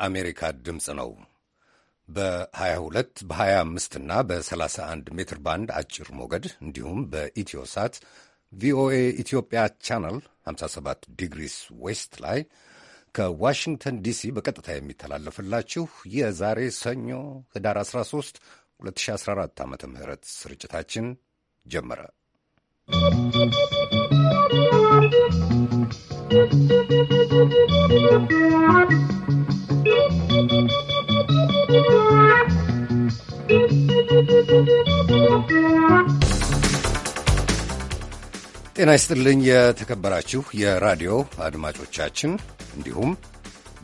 የአሜሪካ ድምፅ ነው። በ22 በ25 እና በ31 ሜትር ባንድ አጭር ሞገድ እንዲሁም በኢትዮ ሳት ቪኦኤ ኢትዮጵያ ቻናል 57 ዲግሪስ ዌስት ላይ ከዋሽንግተን ዲሲ በቀጥታ የሚተላለፍላችሁ የዛሬ ሰኞ ህዳር 13 2014 ዓ ም ስርጭታችን ጀመረ። ¶¶ ጤና ይስጥልኝ የተከበራችሁ የራዲዮ አድማጮቻችን እንዲሁም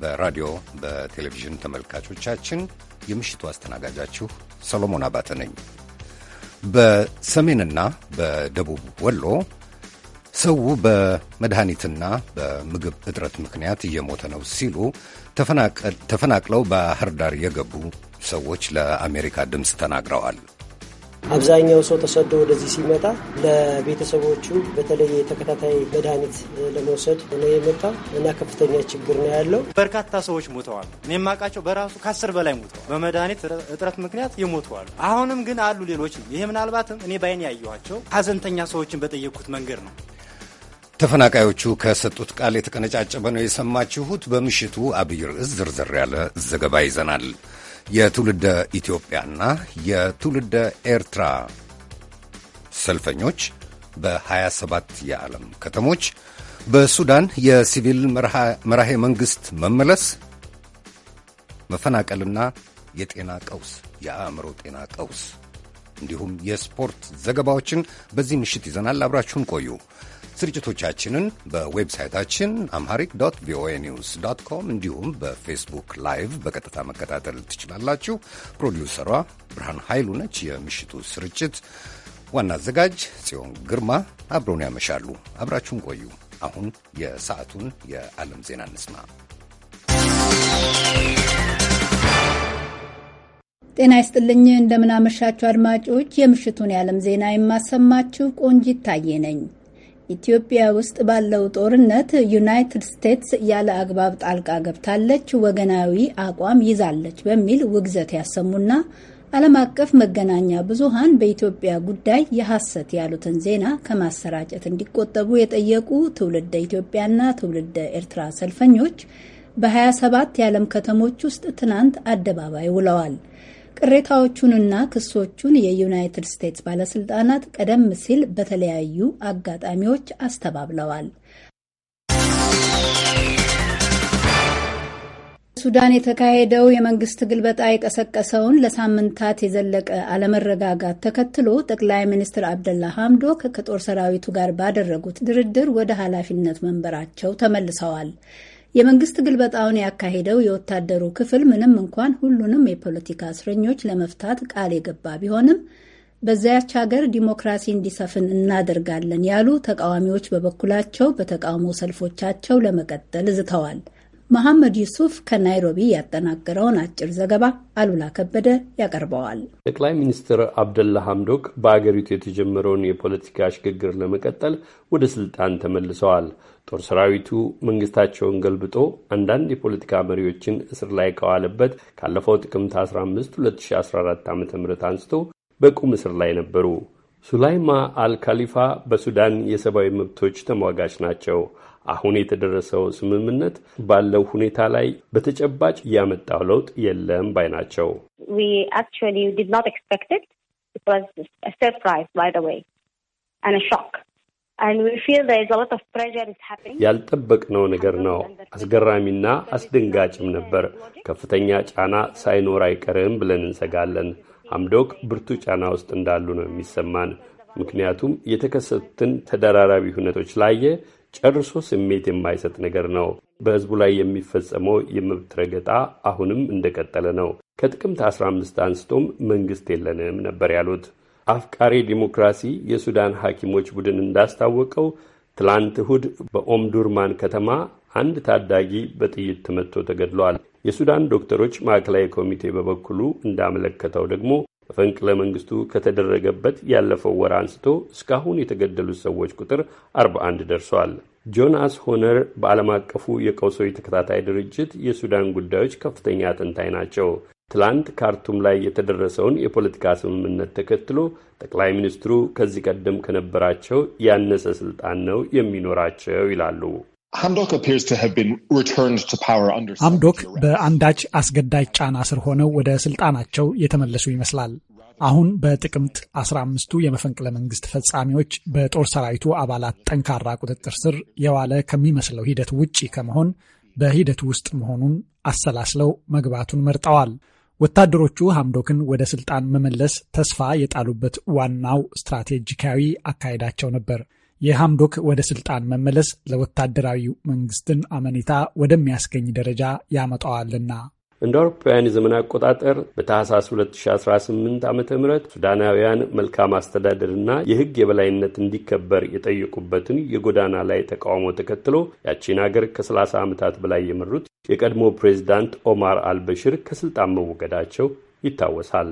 በራዲዮ በቴሌቪዥን ተመልካቾቻችን የምሽቱ አስተናጋጃችሁ ሰሎሞን አባተ ነኝ። በሰሜንና በደቡብ ወሎ ሰው በመድኃኒትና በምግብ እጥረት ምክንያት እየሞተ ነው ሲሉ ተፈናቅለው ባህር ዳር የገቡ ሰዎች ለአሜሪካ ድምፅ ተናግረዋል። አብዛኛው ሰው ተሰዶ ወደዚህ ሲመጣ ለቤተሰቦቹ በተለይ ተከታታይ መድኃኒት ለመውሰድ ነው የመጣው እና ከፍተኛ ችግር ነው ያለው። በርካታ ሰዎች ሞተዋል። እኔ የማውቃቸው በራሱ ከአስር በላይ ሞተዋል በመድኃኒት እጥረት ምክንያት ይሞተዋሉ። አሁንም ግን አሉ ሌሎችም። ይህ ምናልባትም እኔ ባይን ያየኋቸው ሀዘንተኛ ሰዎችን በጠየቅኩት መንገድ ነው ተፈናቃዮቹ ከሰጡት ቃል የተቀነጫጨበ ነው የሰማችሁት። በምሽቱ አብይ ርዕስ ዝርዝር ያለ ዘገባ ይዘናል። የትውልደ ኢትዮጵያና የትውልደ ኤርትራ ሰልፈኞች በ27 የዓለም ከተሞች፣ በሱዳን የሲቪል መራሄ መንግሥት መመለስ፣ መፈናቀልና የጤና ቀውስ የአእምሮ ጤና ቀውስ እንዲሁም የስፖርት ዘገባዎችን በዚህ ምሽት ይዘናል። አብራችሁን ቆዩ። ስርጭቶቻችንን በዌብሳይታችን አምሃሪክ ዶት ቪኦኤ ኒውስ ዶት ኮም እንዲሁም በፌስቡክ ላይቭ በቀጥታ መከታተል ትችላላችሁ። ፕሮዲውሰሯ ብርሃን ኃይሉ ነች። የምሽቱ ስርጭት ዋና አዘጋጅ ጽዮን ግርማ። አብረውን ያመሻሉ። አብራችሁን ቆዩ። አሁን የሰዓቱን የዓለም ዜና እንስማ። ጤና ይስጥልኝ። እንደምናመሻችሁ አድማጮች፣ የምሽቱን የዓለም ዜና የማሰማችሁ ቆንጂት ታዬ ነኝ። ኢትዮጵያ ውስጥ ባለው ጦርነት ዩናይትድ ስቴትስ ያለ አግባብ ጣልቃ ገብታለች፣ ወገናዊ አቋም ይዛለች በሚል ውግዘት ያሰሙና ዓለም አቀፍ መገናኛ ብዙሃን በኢትዮጵያ ጉዳይ የሐሰት ያሉትን ዜና ከማሰራጨት እንዲቆጠቡ የጠየቁ ትውልደ ኢትዮጵያና ትውልደ ኤርትራ ሰልፈኞች በ27 የዓለም ከተሞች ውስጥ ትናንት አደባባይ ውለዋል። ቅሬታዎቹንና ክሶቹን የዩናይትድ ስቴትስ ባለስልጣናት ቀደም ሲል በተለያዩ አጋጣሚዎች አስተባብለዋል። ሱዳን የተካሄደው የመንግስት ግልበጣ የቀሰቀሰውን ለሳምንታት የዘለቀ አለመረጋጋት ተከትሎ ጠቅላይ ሚኒስትር አብደላ ሐምዶክ ከጦር ሰራዊቱ ጋር ባደረጉት ድርድር ወደ ኃላፊነት መንበራቸው ተመልሰዋል። የመንግስት ግልበጣውን ያካሄደው የወታደሩ ክፍል ምንም እንኳን ሁሉንም የፖለቲካ እስረኞች ለመፍታት ቃል የገባ ቢሆንም በዚያች ሀገር ዲሞክራሲ እንዲሰፍን እናደርጋለን ያሉ ተቃዋሚዎች በበኩላቸው በተቃውሞ ሰልፎቻቸው ለመቀጠል ዝተዋል። መሐመድ ዩሱፍ ከናይሮቢ ያጠናቀረውን አጭር ዘገባ አሉላ ከበደ ያቀርበዋል። ጠቅላይ ሚኒስትር አብደላ ሐምዶክ በአገሪቱ የተጀመረውን የፖለቲካ ሽግግር ለመቀጠል ወደ ስልጣን ተመልሰዋል። ጦር ሰራዊቱ መንግስታቸውን ገልብጦ አንዳንድ የፖለቲካ መሪዎችን እስር ላይ ከዋለበት ካለፈው ጥቅምት 15 2014 ዓ.ም አንስቶ በቁም እስር ላይ ነበሩ። ሱላይማ አልካሊፋ በሱዳን የሰብአዊ መብቶች ተሟጋች ናቸው። አሁን የተደረሰው ስምምነት ባለው ሁኔታ ላይ በተጨባጭ እያመጣው ለውጥ የለም ባይ ናቸው። ያልጠበቅነው ነገር ነው። አስገራሚና አስደንጋጭም ነበር። ከፍተኛ ጫና ሳይኖር አይቀርም ብለን እንሰጋለን። አምዶክ ብርቱ ጫና ውስጥ እንዳሉ ነው የሚሰማን። ምክንያቱም የተከሰቱትን ተደራራቢ ሁነቶች ላየ ጨርሶ ስሜት የማይሰጥ ነገር ነው። በሕዝቡ ላይ የሚፈጸመው የመብት ረገጣ አሁንም እንደቀጠለ ነው። ከጥቅምት 15 አንስቶም መንግሥት የለንም ነበር ያሉት። አፍቃሪ ዲሞክራሲ የሱዳን ሐኪሞች ቡድን እንዳስታወቀው ትላንት እሁድ በኦምዱርማን ከተማ አንድ ታዳጊ በጥይት ተመትቶ ተገድሏል። የሱዳን ዶክተሮች ማዕከላዊ ኮሚቴ በበኩሉ እንዳመለከተው ደግሞ መፈንቅለ መንግስቱ ከተደረገበት ያለፈው ወር አንስቶ እስካሁን የተገደሉት ሰዎች ቁጥር 41 ደርሷል። ጆናስ ሆነር በዓለም አቀፉ የቀውሶች ተከታታይ ድርጅት የሱዳን ጉዳዮች ከፍተኛ ተንታኝ ናቸው። ትላንት ካርቱም ላይ የተደረሰውን የፖለቲካ ስምምነት ተከትሎ ጠቅላይ ሚኒስትሩ ከዚህ ቀደም ከነበራቸው ያነሰ ስልጣን ነው የሚኖራቸው ይላሉ። ሐምዶክ በአንዳች አስገዳጅ ጫና ስር ሆነው ወደ ስልጣናቸው የተመለሱ ይመስላል። አሁን በጥቅምት 15 አምስቱ የመፈንቅለ መንግስት ፈጻሚዎች በጦር ሰራዊቱ አባላት ጠንካራ ቁጥጥር ስር የዋለ ከሚመስለው ሂደት ውጪ ከመሆን በሂደቱ ውስጥ መሆኑን አሰላስለው መግባቱን መርጠዋል። ወታደሮቹ ሐምዶክን ወደ ስልጣን መመለስ ተስፋ የጣሉበት ዋናው ስትራቴጂካዊ አካሄዳቸው ነበር። የሐምዶክ ወደ ስልጣን መመለስ ለወታደራዊ መንግስትን አመኔታ ወደሚያስገኝ ደረጃ ያመጣዋልና እንደ አውሮፓውያን የዘመን አቆጣጠር በታህሳስ 2018 ዓ ም ሱዳናውያን መልካም አስተዳደርና የሕግ የበላይነት እንዲከበር የጠየቁበትን የጎዳና ላይ ተቃውሞ ተከትሎ ያቺን አገር ከ30 ዓመታት በላይ የመሩት የቀድሞ ፕሬዚዳንት ኦማር አልበሽር ከስልጣን መወገዳቸው ይታወሳል።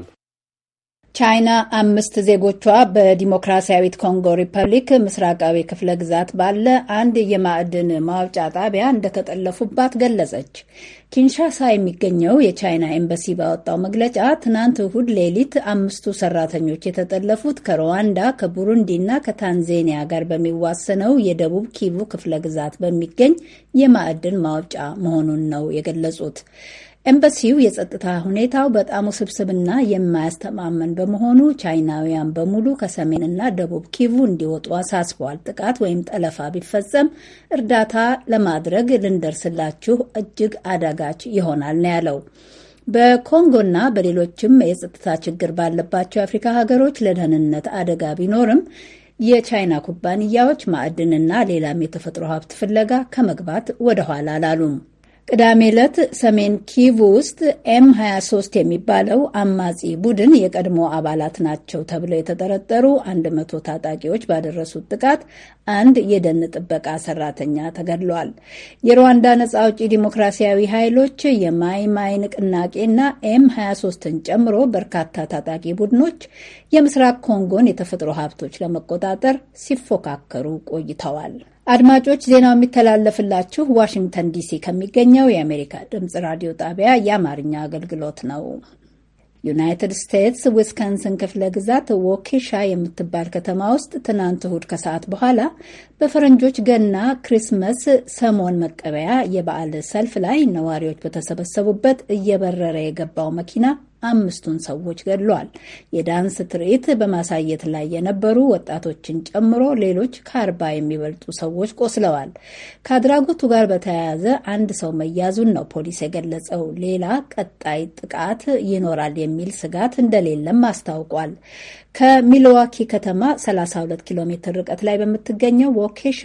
ቻይና አምስት ዜጎቿ በዲሞክራሲያዊት ኮንጎ ሪፐብሊክ ምስራቃዊ ክፍለ ግዛት ባለ አንድ የማዕድን ማውጫ ጣቢያ እንደተጠለፉባት ገለጸች። ኪንሻሳ የሚገኘው የቻይና ኤምባሲ ባወጣው መግለጫ ትናንት እሁድ ሌሊት አምስቱ ሰራተኞች የተጠለፉት ከሩዋንዳ፣ ከቡሩንዲ እና ከታንዜኒያ ጋር በሚዋሰነው የደቡብ ኪቡ ክፍለ ግዛት በሚገኝ የማዕድን ማውጫ መሆኑን ነው የገለጹት። ኤምባሲው የጸጥታ ሁኔታው በጣም ውስብስብና የማያስተማመን በመሆኑ ቻይናውያን በሙሉ ከሰሜንና ደቡብ ኪቩ እንዲወጡ አሳስበዋል። ጥቃት ወይም ጠለፋ ቢፈጸም እርዳታ ለማድረግ ልንደርስላችሁ እጅግ አዳጋች ይሆናል ነው ያለው። በኮንጎና በሌሎችም የጸጥታ ችግር ባለባቸው የአፍሪካ ሀገሮች ለደህንነት አደጋ ቢኖርም የቻይና ኩባንያዎች ማዕድንና ሌላም የተፈጥሮ ሀብት ፍለጋ ከመግባት ወደኋላ አላሉም። ቅዳሜ ዕለት ሰሜን ኪቭ ውስጥ ኤም 23 የሚባለው አማጺ ቡድን የቀድሞ አባላት ናቸው ተብለው የተጠረጠሩ 100 ታጣቂዎች ባደረሱት ጥቃት አንድ የደን ጥበቃ ሰራተኛ ተገድሏል። የሩዋንዳ ነጻ አውጪ ዲሞክራሲያዊ ኃይሎች የማይ ማይ ንቅናቄና ኤም 23ን ጨምሮ በርካታ ታጣቂ ቡድኖች የምስራቅ ኮንጎን የተፈጥሮ ሀብቶች ለመቆጣጠር ሲፎካከሩ ቆይተዋል። አድማጮች ዜናው የሚተላለፍላችሁ ዋሽንግተን ዲሲ ከሚገኘው የአሜሪካ ድምፅ ራዲዮ ጣቢያ የአማርኛ አገልግሎት ነው። ዩናይትድ ስቴትስ ዊስካንሰን ክፍለ ግዛት ወኬሻ የምትባል ከተማ ውስጥ ትናንት እሁድ ከሰዓት በኋላ በፈረንጆች ገና ክሪስመስ ሰሞን መቀበያ የበዓል ሰልፍ ላይ ነዋሪዎች በተሰበሰቡበት እየበረረ የገባው መኪና አምስቱን ሰዎች ገድሏል። የዳንስ ትርኢት በማሳየት ላይ የነበሩ ወጣቶችን ጨምሮ ሌሎች ከአርባ የሚበልጡ ሰዎች ቆስለዋል። ከአድራጎቱ ጋር በተያያዘ አንድ ሰው መያዙን ነው ፖሊስ የገለጸው። ሌላ ቀጣይ ጥቃት ይኖራል የሚል ስጋት እንደሌለም አስታውቋል። ከሚልዋኪ ከተማ 32 ኪሎ ሜትር ርቀት ላይ በምትገኘው ወኬሻ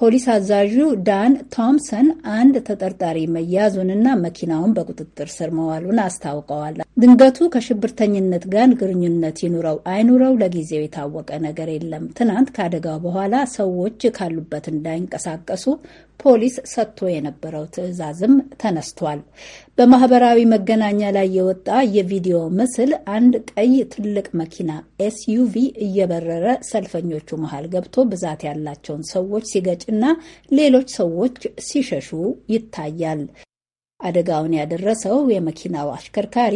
ፖሊስ አዛዡ ዳን ቶምሰን አንድ ተጠርጣሪ መያዙንና መኪናውን በቁጥጥር ስር መዋሉን አስታውቀዋል። ድንገቱ ከሽብርተኝነት ጋር ግንኙነት ይኑረው አይኑረው ለጊዜው የታወቀ ነገር የለም። ትናንት ከአደጋው በኋላ ሰዎች ካሉበት እንዳይንቀሳቀሱ ፖሊስ ሰጥቶ የነበረው ትዕዛዝም ተነስቷል። በማህበራዊ መገናኛ ላይ የወጣ የቪዲዮ ምስል አንድ ቀይ ትልቅ መኪና ኤስዩቪ እየበረረ ሰልፈኞቹ መሃል ገብቶ ብዛት ያላቸውን ሰዎች ሲገጭ እና ሌሎች ሰዎች ሲሸሹ ይታያል። አደጋውን ያደረሰው የመኪናው አሽከርካሪ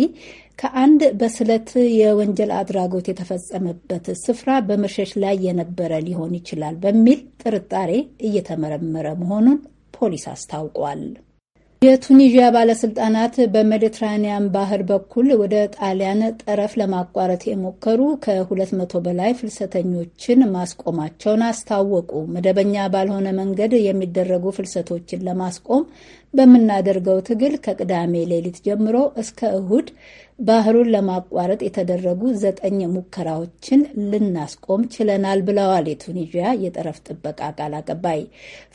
ከአንድ በስለት የወንጀል አድራጎት የተፈጸመበት ስፍራ በመሸሽ ላይ የነበረ ሊሆን ይችላል በሚል ጥርጣሬ እየተመረመረ መሆኑን ፖሊስ አስታውቋል። የቱኒዥያ ባለስልጣናት በሜዲትራኒያን ባህር በኩል ወደ ጣሊያን ጠረፍ ለማቋረጥ የሞከሩ ከ200 በላይ ፍልሰተኞችን ማስቆማቸውን አስታወቁ። መደበኛ ባልሆነ መንገድ የሚደረጉ ፍልሰቶችን ለማስቆም በምናደርገው ትግል ከቅዳሜ ሌሊት ጀምሮ እስከ እሁድ ባህሩን ለማቋረጥ የተደረጉ ዘጠኝ ሙከራዎችን ልናስቆም ችለናል ብለዋል የቱኒዥያ የጠረፍ ጥበቃ ቃል አቀባይ።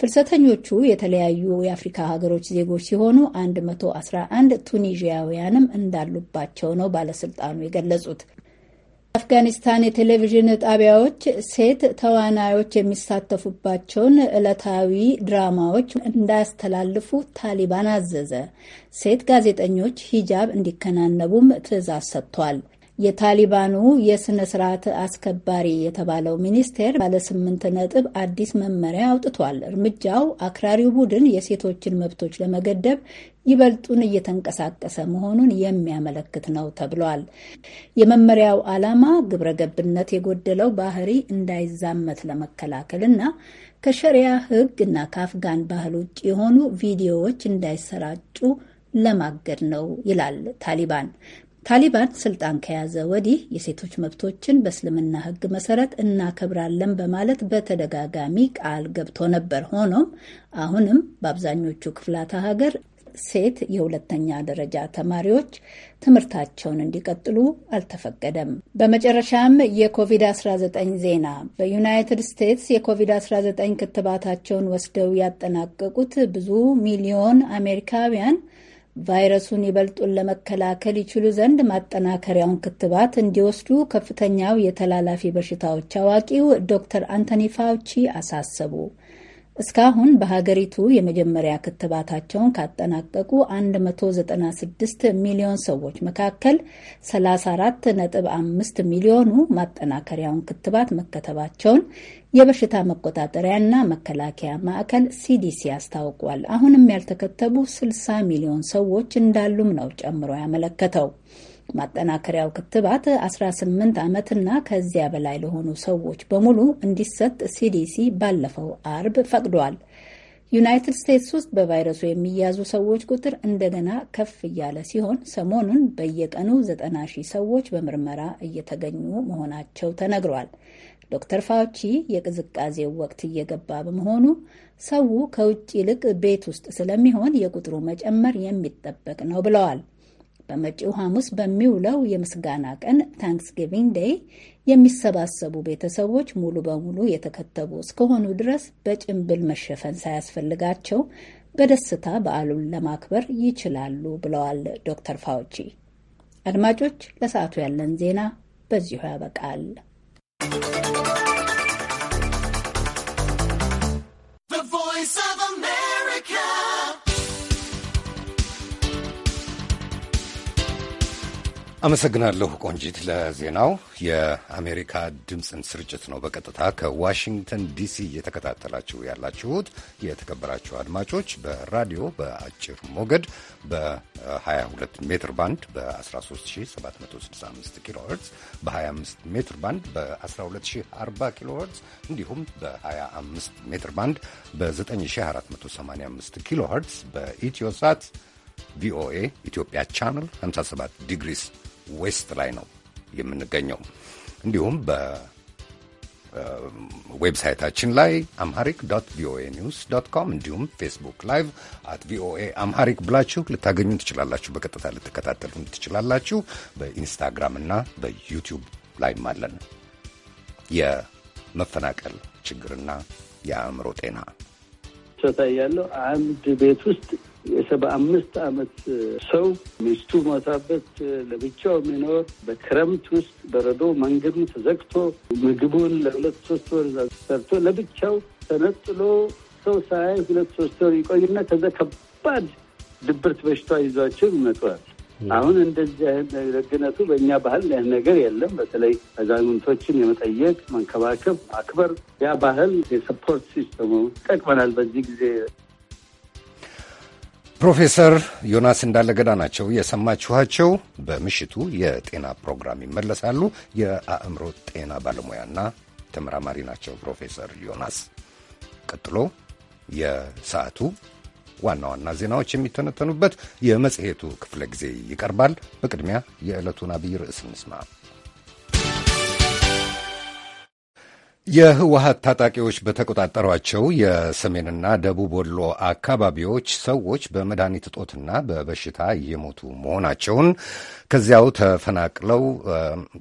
ፍልሰተኞቹ የተለያዩ የአፍሪካ ሀገሮች ዜጎች ሲሆኑ 111 ቱኒዥያውያንም እንዳሉባቸው ነው ባለስልጣኑ የገለጹት። አፍጋኒስታን የቴሌቪዥን ጣቢያዎች ሴት ተዋናዮች የሚሳተፉባቸውን ዕለታዊ ድራማዎች እንዳያስተላልፉ ታሊባን አዘዘ። ሴት ጋዜጠኞች ሂጃብ እንዲከናነቡም ትዕዛዝ ሰጥቷል። የታሊባኑ የሥነ ሥርዓት አስከባሪ የተባለው ሚኒስቴር ባለስምንት ነጥብ አዲስ መመሪያ አውጥቷል። እርምጃው አክራሪው ቡድን የሴቶችን መብቶች ለመገደብ ይበልጡን እየተንቀሳቀሰ መሆኑን የሚያመለክት ነው ተብሏል። የመመሪያው ዓላማ ግብረ ገብነት የጎደለው ባህሪ እንዳይዛመት ለመከላከል እና ከሸሪያ ሕግ እና ከአፍጋን ባህል ውጭ የሆኑ ቪዲዮዎች እንዳይሰራጩ ለማገድ ነው ይላል ታሊባን። ታሊባን ስልጣን ከያዘ ወዲህ የሴቶች መብቶችን በእስልምና ሕግ መሰረት እናከብራለን በማለት በተደጋጋሚ ቃል ገብቶ ነበር። ሆኖም አሁንም በአብዛኞቹ ክፍላተ ሀገር ሴት የሁለተኛ ደረጃ ተማሪዎች ትምህርታቸውን እንዲቀጥሉ አልተፈቀደም። በመጨረሻም የኮቪድ-19 ዜና። በዩናይትድ ስቴትስ የኮቪድ-19 ክትባታቸውን ወስደው ያጠናቀቁት ብዙ ሚሊዮን አሜሪካውያን ቫይረሱን ይበልጡን ለመከላከል ይችሉ ዘንድ ማጠናከሪያውን ክትባት እንዲወስዱ ከፍተኛው የተላላፊ በሽታዎች አዋቂው ዶክተር አንቶኒ ፋውቺ አሳሰቡ። እስካሁን በሀገሪቱ የመጀመሪያ ክትባታቸውን ካጠናቀቁ 196 ሚሊዮን ሰዎች መካከል 34.5 ሚሊዮኑ ማጠናከሪያውን ክትባት መከተባቸውን የበሽታ መቆጣጠሪያና መከላከያ ማዕከል ሲዲሲ አስታውቋል። አሁንም ያልተከተቡ 60 ሚሊዮን ሰዎች እንዳሉም ነው ጨምሮ ያመለከተው። ማጠናከሪያው ክትባት 18 ዓመትና ከዚያ በላይ ለሆኑ ሰዎች በሙሉ እንዲሰጥ ሲዲሲ ባለፈው አርብ ፈቅዷል። ዩናይትድ ስቴትስ ውስጥ በቫይረሱ የሚያዙ ሰዎች ቁጥር እንደገና ከፍ እያለ ሲሆን ሰሞኑን በየቀኑ 90 ሺህ ሰዎች በምርመራ እየተገኙ መሆናቸው ተነግሯል። ዶክተር ፋውቺ የቅዝቃዜው ወቅት እየገባ በመሆኑ ሰው ከውጭ ይልቅ ቤት ውስጥ ስለሚሆን የቁጥሩ መጨመር የሚጠበቅ ነው ብለዋል። በመጪው ሐሙስ በሚውለው የምስጋና ቀን ታንክስጊቪንግ ዴይ የሚሰባሰቡ ቤተሰቦች ሙሉ በሙሉ የተከተቡ እስከሆኑ ድረስ በጭንብል መሸፈን ሳያስፈልጋቸው በደስታ በዓሉን ለማክበር ይችላሉ ብለዋል ዶክተር ፋውቺ። አድማጮች፣ ለሰዓቱ ያለን ዜና በዚሁ ያበቃል። አመሰግናለሁ ቆንጂት ለዜናው። የአሜሪካ ድምፅን ስርጭት ነው በቀጥታ ከዋሽንግተን ዲሲ እየተከታተላችሁ ያላችሁት። የተከበራችሁ አድማጮች በራዲዮ በአጭር ሞገድ በ22 ሜትር ባንድ በ13765 ኪሎ ሄርዝ፣ በ25 ሜትር ባንድ በ 1240 ኪሎ ሄርዝ እንዲሁም በ25 ሜትር ባንድ በ9485 ኪሎ በኢትዮ ሳት ቪኦኤ ኢትዮጵያ ቻናል 57 ዲግሪስ ዌስት ላይ ነው የምንገኘው። እንዲሁም በዌብሳይታችን ላይ አምሃሪክ ዶት ቪኦኤ ኒውስ ዶት ኮም እንዲሁም ፌስቡክ ላይቭ አት ቪኦኤ አምሃሪክ ብላችሁ ልታገኙን ትችላላችሁ። በቀጥታ ልትከታተሉ ትችላላችሁ። በኢንስታግራም እና በዩቲዩብ ላይም አለን። የመፈናቀል ችግርና የአእምሮ ጤና ሰታ ያለው አንድ ቤት ውስጥ የሰባ አምስት ዓመት ሰው ሚስቱ ሞታበት ለብቻው የሚኖር በክረምት ውስጥ በረዶ መንገዱ ተዘግቶ ምግቡን ለሁለት ሶስት ወር ሰርቶ ለብቻው ተነጥሎ ሰው ሳያይ ሁለት ሶስት ወር ይቆይና ከዛ ከባድ ድብርት በሽታ ይዟቸው ይመጣል። አሁን እንደዚህ አይነት ደግነቱ በእኛ ባህል ያህል ነገር የለም። በተለይ አዛውንቶችን የመጠየቅ መንከባከብ፣ ማክበር ያ ባህል የሰፖርት ሲስተሙ ይጠቅመናል በዚህ ጊዜ ፕሮፌሰር ዮናስ እንዳለገዳ ናቸው የሰማችኋቸው። በምሽቱ የጤና ፕሮግራም ይመለሳሉ። የአእምሮ ጤና ባለሙያና ተመራማሪ ናቸው ፕሮፌሰር ዮናስ። ቀጥሎ የሰዓቱ ዋና ዋና ዜናዎች የሚተነተኑበት የመጽሔቱ ክፍለ ጊዜ ይቀርባል። በቅድሚያ የዕለቱን አብይ ርዕስ እንስማ። የህወሀት ታጣቂዎች በተቆጣጠሯቸው የሰሜንና ደቡብ ወሎ አካባቢዎች ሰዎች በመድኃኒት እጦትና በበሽታ እየሞቱ መሆናቸውን ከዚያው ተፈናቅለው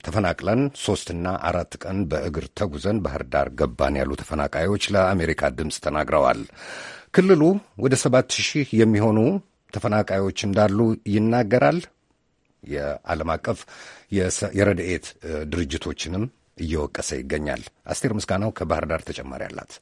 ተፈናቅለን ሶስትና አራት ቀን በእግር ተጉዘን ባህር ዳር ገባን ያሉ ተፈናቃዮች ለአሜሪካ ድምፅ ተናግረዋል። ክልሉ ወደ ሰባት ሺህ የሚሆኑ ተፈናቃዮች እንዳሉ ይናገራል። የዓለም አቀፍ የረድኤት ድርጅቶችንም እየወቀሰ ይገኛል። አስቴር ምስጋናው ከባህር ዳር ተጨማሪ አላት።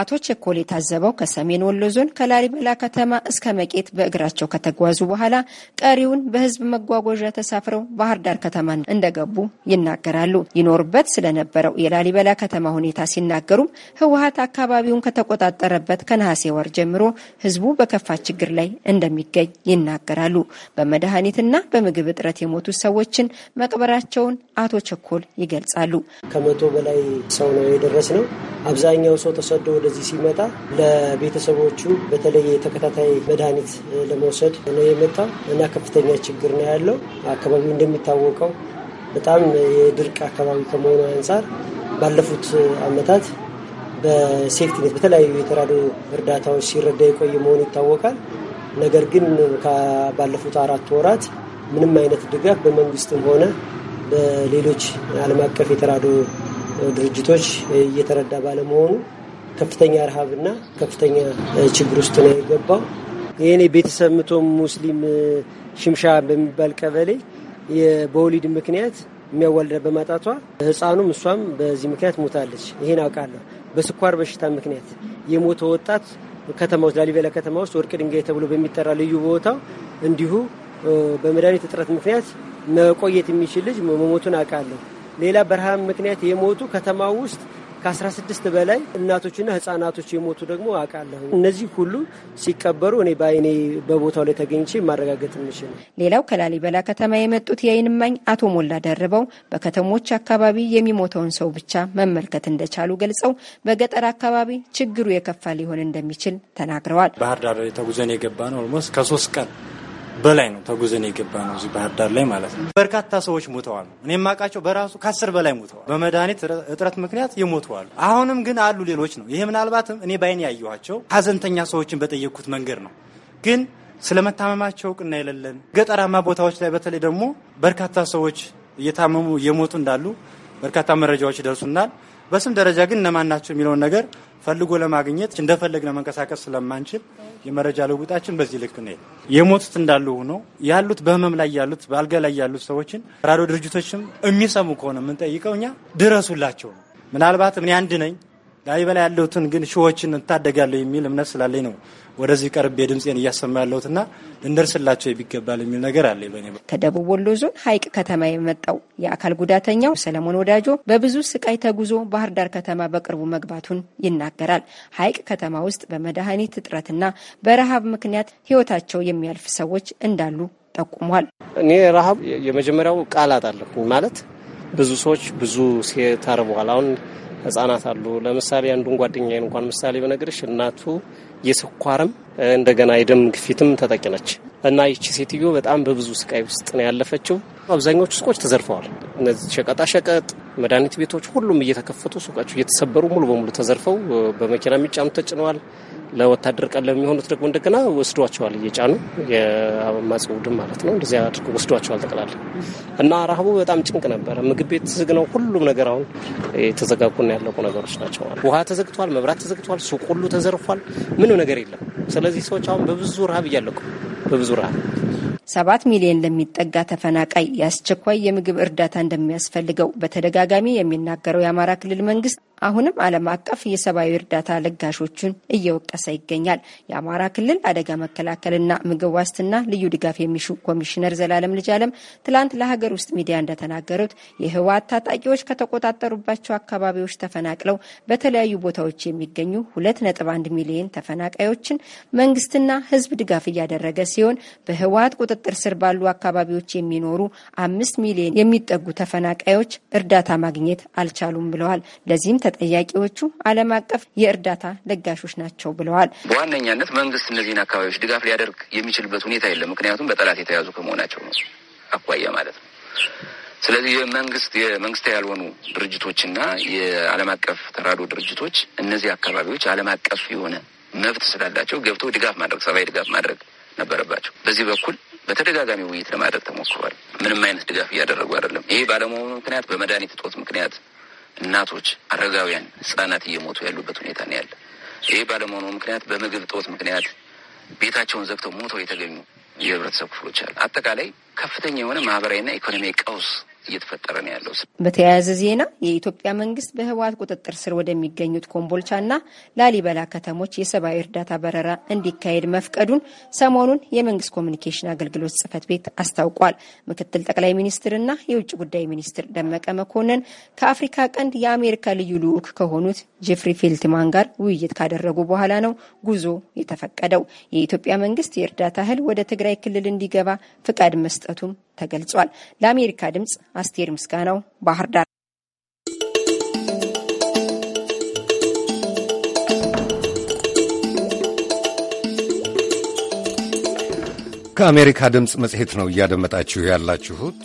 አቶ ቸኮል የታዘበው ከሰሜን ወሎ ዞን ከላሊበላ ከተማ እስከ መቄት በእግራቸው ከተጓዙ በኋላ ቀሪውን በህዝብ መጓጓዣ ተሳፍረው ባህር ዳር ከተማ እንደገቡ ይናገራሉ። ይኖርበት ስለነበረው የላሊበላ ከተማ ሁኔታ ሲናገሩም ህወሀት አካባቢውን ከተቆጣጠረበት ከነሐሴ ወር ጀምሮ ህዝቡ በከፋ ችግር ላይ እንደሚገኝ ይናገራሉ። በመድኃኒትና በምግብ እጥረት የሞቱ ሰዎችን መቅበራቸውን አቶ ቸኮል ይገልጻሉ። ከመቶ በላይ ሰው ነው የደረስ ነው። አብዛኛው ሰው ተሰዶ ወደዚህ ሲመጣ ለቤተሰቦቹ በተለይ የተከታታይ መድኃኒት ለመውሰድ ነው የመጣ እና ከፍተኛ ችግር ነው ያለው። አካባቢው እንደሚታወቀው በጣም የድርቅ አካባቢ ከመሆኑ አንጻር ባለፉት ዓመታት በሴፍቲኔት በተለያዩ የተራዶ እርዳታዎች ሲረዳ የቆየ መሆኑ ይታወቃል። ነገር ግን ባለፉት አራት ወራት ምንም አይነት ድጋፍ በመንግስትም ሆነ በሌሎች ዓለም አቀፍ የተራዶ ድርጅቶች እየተረዳ ባለመሆኑ ከፍተኛ ረሃብና ከፍተኛ ችግር ውስጥ ነው የገባው። የእኔ ቤተሰብ ምቶ ሙስሊም ሽምሻ በሚባል ቀበሌ በወሊድ ምክንያት የሚያዋልዳ በማጣቷ ህፃኑም እሷም በዚህ ምክንያት ሞታለች። ይሄን አውቃለሁ። በስኳር በሽታ ምክንያት የሞተ ወጣት ከተማ ውስጥ ላሊበላ ከተማ ውስጥ ወርቅ ድንጋይ ተብሎ በሚጠራ ልዩ ቦታው እንዲሁ በመድኃኒት እጥረት ምክንያት መቆየት የሚችል ልጅ መሞቱን አውቃለሁ። ሌላ በረሃብ ምክንያት የሞቱ ከተማ ውስጥ ከ16 በላይ እናቶችና ህጻናቶች የሞቱ ደግሞ አውቃለሁ። እነዚህ ሁሉ ሲቀበሩ እኔ በአይኔ በቦታው ላይ ተገኝቼ ማረጋገጥ የምችል። ሌላው ከላሊበላ ከተማ የመጡት የአይንማኝ አቶ ሞላ ደርበው በከተሞች አካባቢ የሚሞተውን ሰው ብቻ መመልከት እንደቻሉ ገልጸው በገጠር አካባቢ ችግሩ የከፋ ሊሆን እንደሚችል ተናግረዋል። ባህር ዳር ተጉዘን የገባ ነው ኦልሞስት ከሶስት ቀን በላይ ነው ተጉዘን የገባ ነው እዚህ ባህር ዳር ላይ ማለት ነው። በርካታ ሰዎች ሞተዋል። እኔ የማውቃቸው በራሱ ከአስር በላይ ሞተዋል። በመድኃኒት እጥረት ምክንያት የሞተዋል። አሁንም ግን አሉ ሌሎች ነው። ይሄ ምናልባትም እኔ ባይን ያየኋቸው ሀዘንተኛ ሰዎችን በጠየቅኩት መንገድ ነው ግን ስለመታመማቸው እውቅና የሌለን ገጠራማ ቦታዎች ላይ በተለይ ደግሞ በርካታ ሰዎች እየታመሙ እየሞቱ እንዳሉ በርካታ መረጃዎች ይደርሱናል። በስም ደረጃ ግን እነማን ናቸው የሚለውን ነገር ፈልጎ ለማግኘት እንደፈለግነ መንቀሳቀስ ስለማንችል የመረጃ ልውውጣችን በዚህ ልክ ነው። የሞቱት እንዳሉ ሆኖ ያሉት በህመም ላይ ያሉት በአልጋ ላይ ያሉት ሰዎችን ራዶ ድርጅቶችም የሚሰሙ ከሆነ የምንጠይቀው እኛ ድረሱላቸው ነው። ምናልባት እኔ አንድ ነኝ ላሊበላ ያለሁትን ግን ሺዎችን እንታደጋለሁ የሚል እምነት ስላለኝ ነው ወደዚህ ቀርቤ ድምፄን እያሰማ ያለሁትና ልንደርስላቸው ይገባል የሚል ነገር አለ። ከደቡብ ወሎ ዞን ሀይቅ ከተማ የመጣው የአካል ጉዳተኛው ሰለሞን ወዳጆ በብዙ ስቃይ ተጉዞ ባህር ዳር ከተማ በቅርቡ መግባቱን ይናገራል። ሀይቅ ከተማ ውስጥ በመድኃኒት እጥረትና በረሃብ ምክንያት ህይወታቸው የሚያልፍ ሰዎች እንዳሉ ጠቁሟል። እኔ ረሃብ የመጀመሪያው ቃል አጣለሁ ማለት ብዙ ሰዎች ብዙ ሴት አርበዋል። አሁን ህጻናት አሉ። ለምሳሌ አንዱን ጓደኛ እንኳን ምሳሌ በነገርሽ እናቱ የስኳርም እንደገና የደም ግፊትም ተጠቂ ነች እና ይቺ ሴትዮ በጣም በብዙ ስቃይ ውስጥ ነው ያለፈችው። አብዛኛዎቹ ሱቆች ተዘርፈዋል። እነዚህ ሸቀጣሸቀጥ፣ መድኃኒት ቤቶች ሁሉም እየተከፈቱ ሱቃቸው እየተሰበሩ ሙሉ በሙሉ ተዘርፈው በመኪና የሚጫኑ ተጭነዋል። ለወታደር ቀን ለሚሆኑት ደግሞ እንደገና ወስዷቸዋል እየጫኑ የአማጽ ቡድን ማለት ነው። እንደዚያ አድርጎ ወስዷቸዋል ጠቅላላ እና ረሃቡ በጣም ጭንቅ ነበረ። ምግብ ቤት ዝግ ነው። ሁሉም ነገር አሁን የተዘጋጉና ያለቁ ነገሮች ናቸው። ውሃ ተዘግቷል፣ መብራት ተዘግቷል፣ ሱቅ ሁሉ ተዘርፏል። ምንም ነገር የለም። ስለዚህ ሰዎች አሁን በብዙ ረሃብ እያለቁ በብዙ ረሃብ ሰባት ሚሊዮን ለሚጠጋ ተፈናቃይ የአስቸኳይ የምግብ እርዳታ እንደሚያስፈልገው በተደጋጋሚ የሚናገረው የአማራ ክልል መንግስት አሁንም ዓለም አቀፍ የሰብአዊ እርዳታ ለጋሾችን እየወቀሰ ይገኛል። የአማራ ክልል አደጋ መከላከልና ምግብ ዋስትና ልዩ ድጋፍ የሚሹ ኮሚሽነር ዘላለም ልጅአለም ትላንት ለሀገር ውስጥ ሚዲያ እንደተናገሩት የህወሓት ታጣቂዎች ከተቆጣጠሩባቸው አካባቢዎች ተፈናቅለው በተለያዩ ቦታዎች የሚገኙ ሁለት ነጥብ አንድ ሚሊዮን ተፈናቃዮችን መንግስትና ህዝብ ድጋፍ እያደረገ ሲሆን በህወሓት ቁጥጥር ስር ባሉ አካባቢዎች የሚኖሩ አምስት ሚሊዮን የሚጠጉ ተፈናቃዮች እርዳታ ማግኘት አልቻሉም ብለዋል። ለዚህም ተጠያቂዎቹ ዓለም አቀፍ የእርዳታ ለጋሾች ናቸው ብለዋል። በዋነኛነት መንግስት እነዚህን አካባቢዎች ድጋፍ ሊያደርግ የሚችልበት ሁኔታ የለም። ምክንያቱም በጠላት የተያዙ ከመሆናቸው ነው አኳያ ማለት ነው። ስለዚህ የመንግስት የመንግስት ያልሆኑ ድርጅቶችና የዓለም አቀፍ ተራድኦ ድርጅቶች እነዚህ አካባቢዎች ዓለም አቀፍ የሆነ መብት ስላላቸው ገብተው ድጋፍ ማድረግ ሰብአዊ ድጋፍ ማድረግ ነበረባቸው። በዚህ በኩል በተደጋጋሚ ውይይት ለማድረግ ተሞክሯል። ምንም አይነት ድጋፍ እያደረጉ አይደለም። ይሄ ባለመሆኑ ምክንያት፣ በመድኃኒት እጦት ምክንያት እናቶች፣ አረጋውያን፣ ህጻናት እየሞቱ ያሉበት ሁኔታ ነው ያለ። ይሄ ባለመሆኑ ምክንያት በምግብ ጦት ምክንያት ቤታቸውን ዘግተው ሞተው የተገኙ የህብረተሰብ ክፍሎች አሉ። አጠቃላይ ከፍተኛ የሆነ ማህበራዊና ኢኮኖሚያዊ ቀውስ እየተፈጠረ ነው ያለው። በተያያዘ ዜና የኢትዮጵያ መንግስት በህወሓት ቁጥጥር ስር ወደሚገኙት ኮምቦልቻና ላሊበላ ከተሞች የሰብአዊ እርዳታ በረራ እንዲካሄድ መፍቀዱን ሰሞኑን የመንግስት ኮሚኒኬሽን አገልግሎት ጽህፈት ቤት አስታውቋል። ምክትል ጠቅላይ ሚኒስትርና የውጭ ጉዳይ ሚኒስትር ደመቀ መኮንን ከአፍሪካ ቀንድ የአሜሪካ ልዩ ልዑክ ከሆኑት ጄፍሪ ፌልትማን ጋር ውይይት ካደረጉ በኋላ ነው ጉዞ የተፈቀደው። የኢትዮጵያ መንግስት የእርዳታ እህል ወደ ትግራይ ክልል እንዲገባ ፍቃድ መስጠቱም ተገልጿል። ለአሜሪካ ድምጽ አስቴር ምስጋናው ባህር ዳር። ከአሜሪካ ድምፅ መጽሔት ነው እያደመጣችሁ ያላችሁት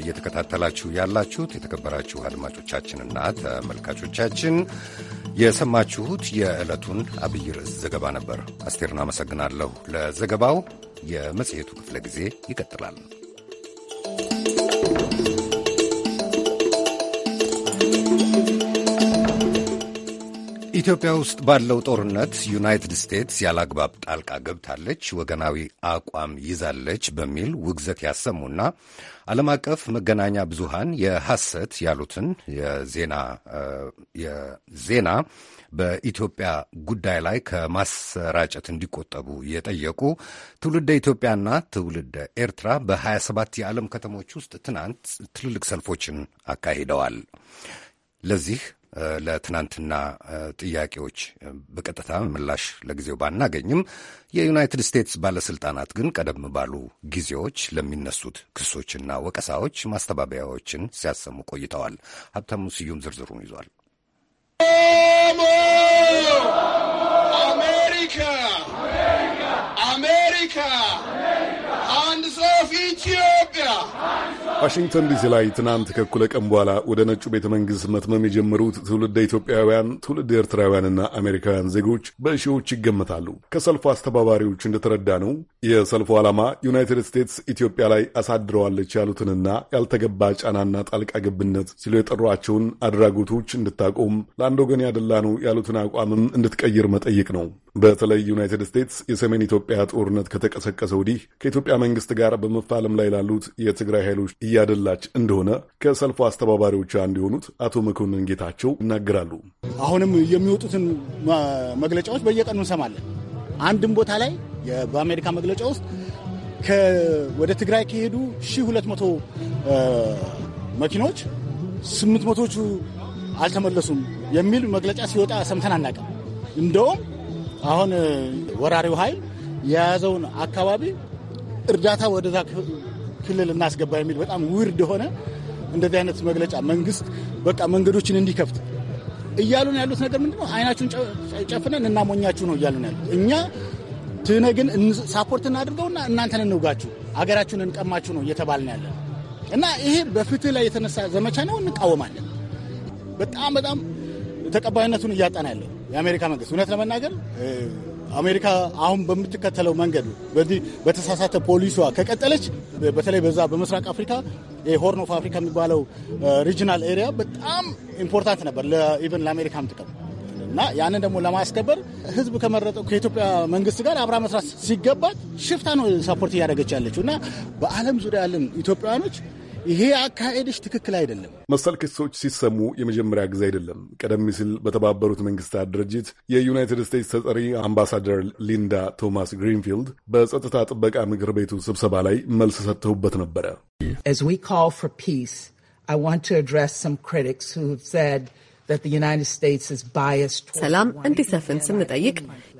እየተከታተላችሁ ያላችሁት የተከበራችሁ አድማጮቻችንና ተመልካቾቻችን። የሰማችሁት የዕለቱን አብይ ርዕስ ዘገባ ነበር። አስቴርን አመሰግናለሁ ለዘገባው። የመጽሔቱ ክፍለ ጊዜ ይቀጥላል። ኢትዮጵያ ውስጥ ባለው ጦርነት ዩናይትድ ስቴትስ ያላግባብ ጣልቃ ገብታለች፣ ወገናዊ አቋም ይዛለች በሚል ውግዘት ያሰሙና ዓለም አቀፍ መገናኛ ብዙሃን የሐሰት ያሉትን የዜና በኢትዮጵያ ጉዳይ ላይ ከማሰራጨት እንዲቆጠቡ የጠየቁ ትውልደ ኢትዮጵያና ትውልደ ኤርትራ በ27 የዓለም ከተሞች ውስጥ ትናንት ትልልቅ ሰልፎችን አካሂደዋል። ለዚህ ለትናንትና ጥያቄዎች በቀጥታ ምላሽ ለጊዜው ባናገኝም የዩናይትድ ስቴትስ ባለስልጣናት ግን ቀደም ባሉ ጊዜዎች ለሚነሱት ክሶችና ወቀሳዎች ማስተባበያዎችን ሲያሰሙ ቆይተዋል። ሀብታሙ ስዩም ዝርዝሩን ይዟል። አሜሪካ አሜሪካ አንድ ሰው ኢትዮጵያ ዋሽንግተን ዲሲ ላይ ትናንት ከኩለ ቀን በኋላ ወደ ነጩ ቤተ መንግሥት መትመም የጀመሩት ትውልድ ኢትዮጵያውያን፣ ትውልድ ኤርትራውያንና አሜሪካውያን ዜጎች በሺዎች ይገመታሉ። ከሰልፉ አስተባባሪዎች እንደተረዳ ነው የሰልፉ ዓላማ ዩናይትድ ስቴትስ ኢትዮጵያ ላይ አሳድረዋለች ያሉትንና ያልተገባ ጫናና ጣልቃ ገብነት ሲሉ የጠሯቸውን አድራጎቶች እንድታቆም ለአንድ ወገን ያደላ ነው ያሉትን አቋምም እንድትቀይር መጠየቅ ነው። በተለይ ዩናይትድ ስቴትስ የሰሜን ኢትዮጵያ ጦርነት ከተቀሰቀሰ ወዲህ ከኢትዮጵያ መንግስት ጋር በመፋለም ላይ ላሉት የትግራይ ኃይሎች እያደላች እንደሆነ ከሰልፉ አስተባባሪዎች አንዱ የሆኑት አቶ መኮንን ጌታቸው ይናገራሉ። አሁንም የሚወጡትን መግለጫዎች በየቀኑ እንሰማለን። አንድም ቦታ ላይ በአሜሪካ መግለጫ ውስጥ ወደ ትግራይ ከሄዱ 1200 መኪኖች 800ዎቹ አልተመለሱም የሚል መግለጫ ሲወጣ ሰምተን አናውቅም። እንደውም አሁን ወራሪው ኃይል የያዘውን አካባቢ እርዳታ ወደዛ ክልል እናስገባ የሚል በጣም ውርድ የሆነ እንደዚህ አይነት መግለጫ መንግስት በቃ መንገዶችን እንዲከፍት እያሉን ያሉት ነገር ነው? አይናችሁን ጨፍነን እናሞኛችሁ ነው እያሉን ያሉት። እኛ ትነግን ሳፖርት እናድርገውና እናንተን እንውጋችሁ፣ አገራችሁን እንቀማችሁ ነው እየተባልን ያለን እና ይሄ በፍትህ ላይ የተነሳ ዘመቻ ነው፣ እንቃወማለን። በጣም በጣም ተቀባይነቱን እያጣን ያለው የአሜሪካ መንግስት እውነት ለመናገር አሜሪካ አሁን በምትከተለው መንገድ በዚህ በተሳሳተ ፖሊሲዋ ከቀጠለች በተለይ በዛ በምስራቅ አፍሪካ ሆርን ኦፍ አፍሪካ የሚባለው ሪጂናል ኤሪያ በጣም ኢምፖርታንት ነበር ኢቨን ለአሜሪካም ጥቅም እና ያንን ደግሞ ለማስከበር ህዝብ ከመረጠው ከኢትዮጵያ መንግስት ጋር አብራ መስራት ሲገባት ሽፍታ ነው ሰፖርት እያደረገች ያለችው እና በዓለም ዙሪያ ያለን ኢትዮጵያውያኖች ይሄ አካሄድሽ ትክክል አይደለም። መሰል ክሶች ሲሰሙ የመጀመሪያ ጊዜ አይደለም። ቀደም ሲል በተባበሩት መንግስታት ድርጅት የዩናይትድ ስቴትስ ተጠሪ አምባሳደር ሊንዳ ቶማስ ግሪንፊልድ በጸጥታ ጥበቃ ምክር ቤቱ ስብሰባ ላይ መልስ ሰጥተውበት ነበረ። ሰላም እንዲሰፍን ስንጠይቅ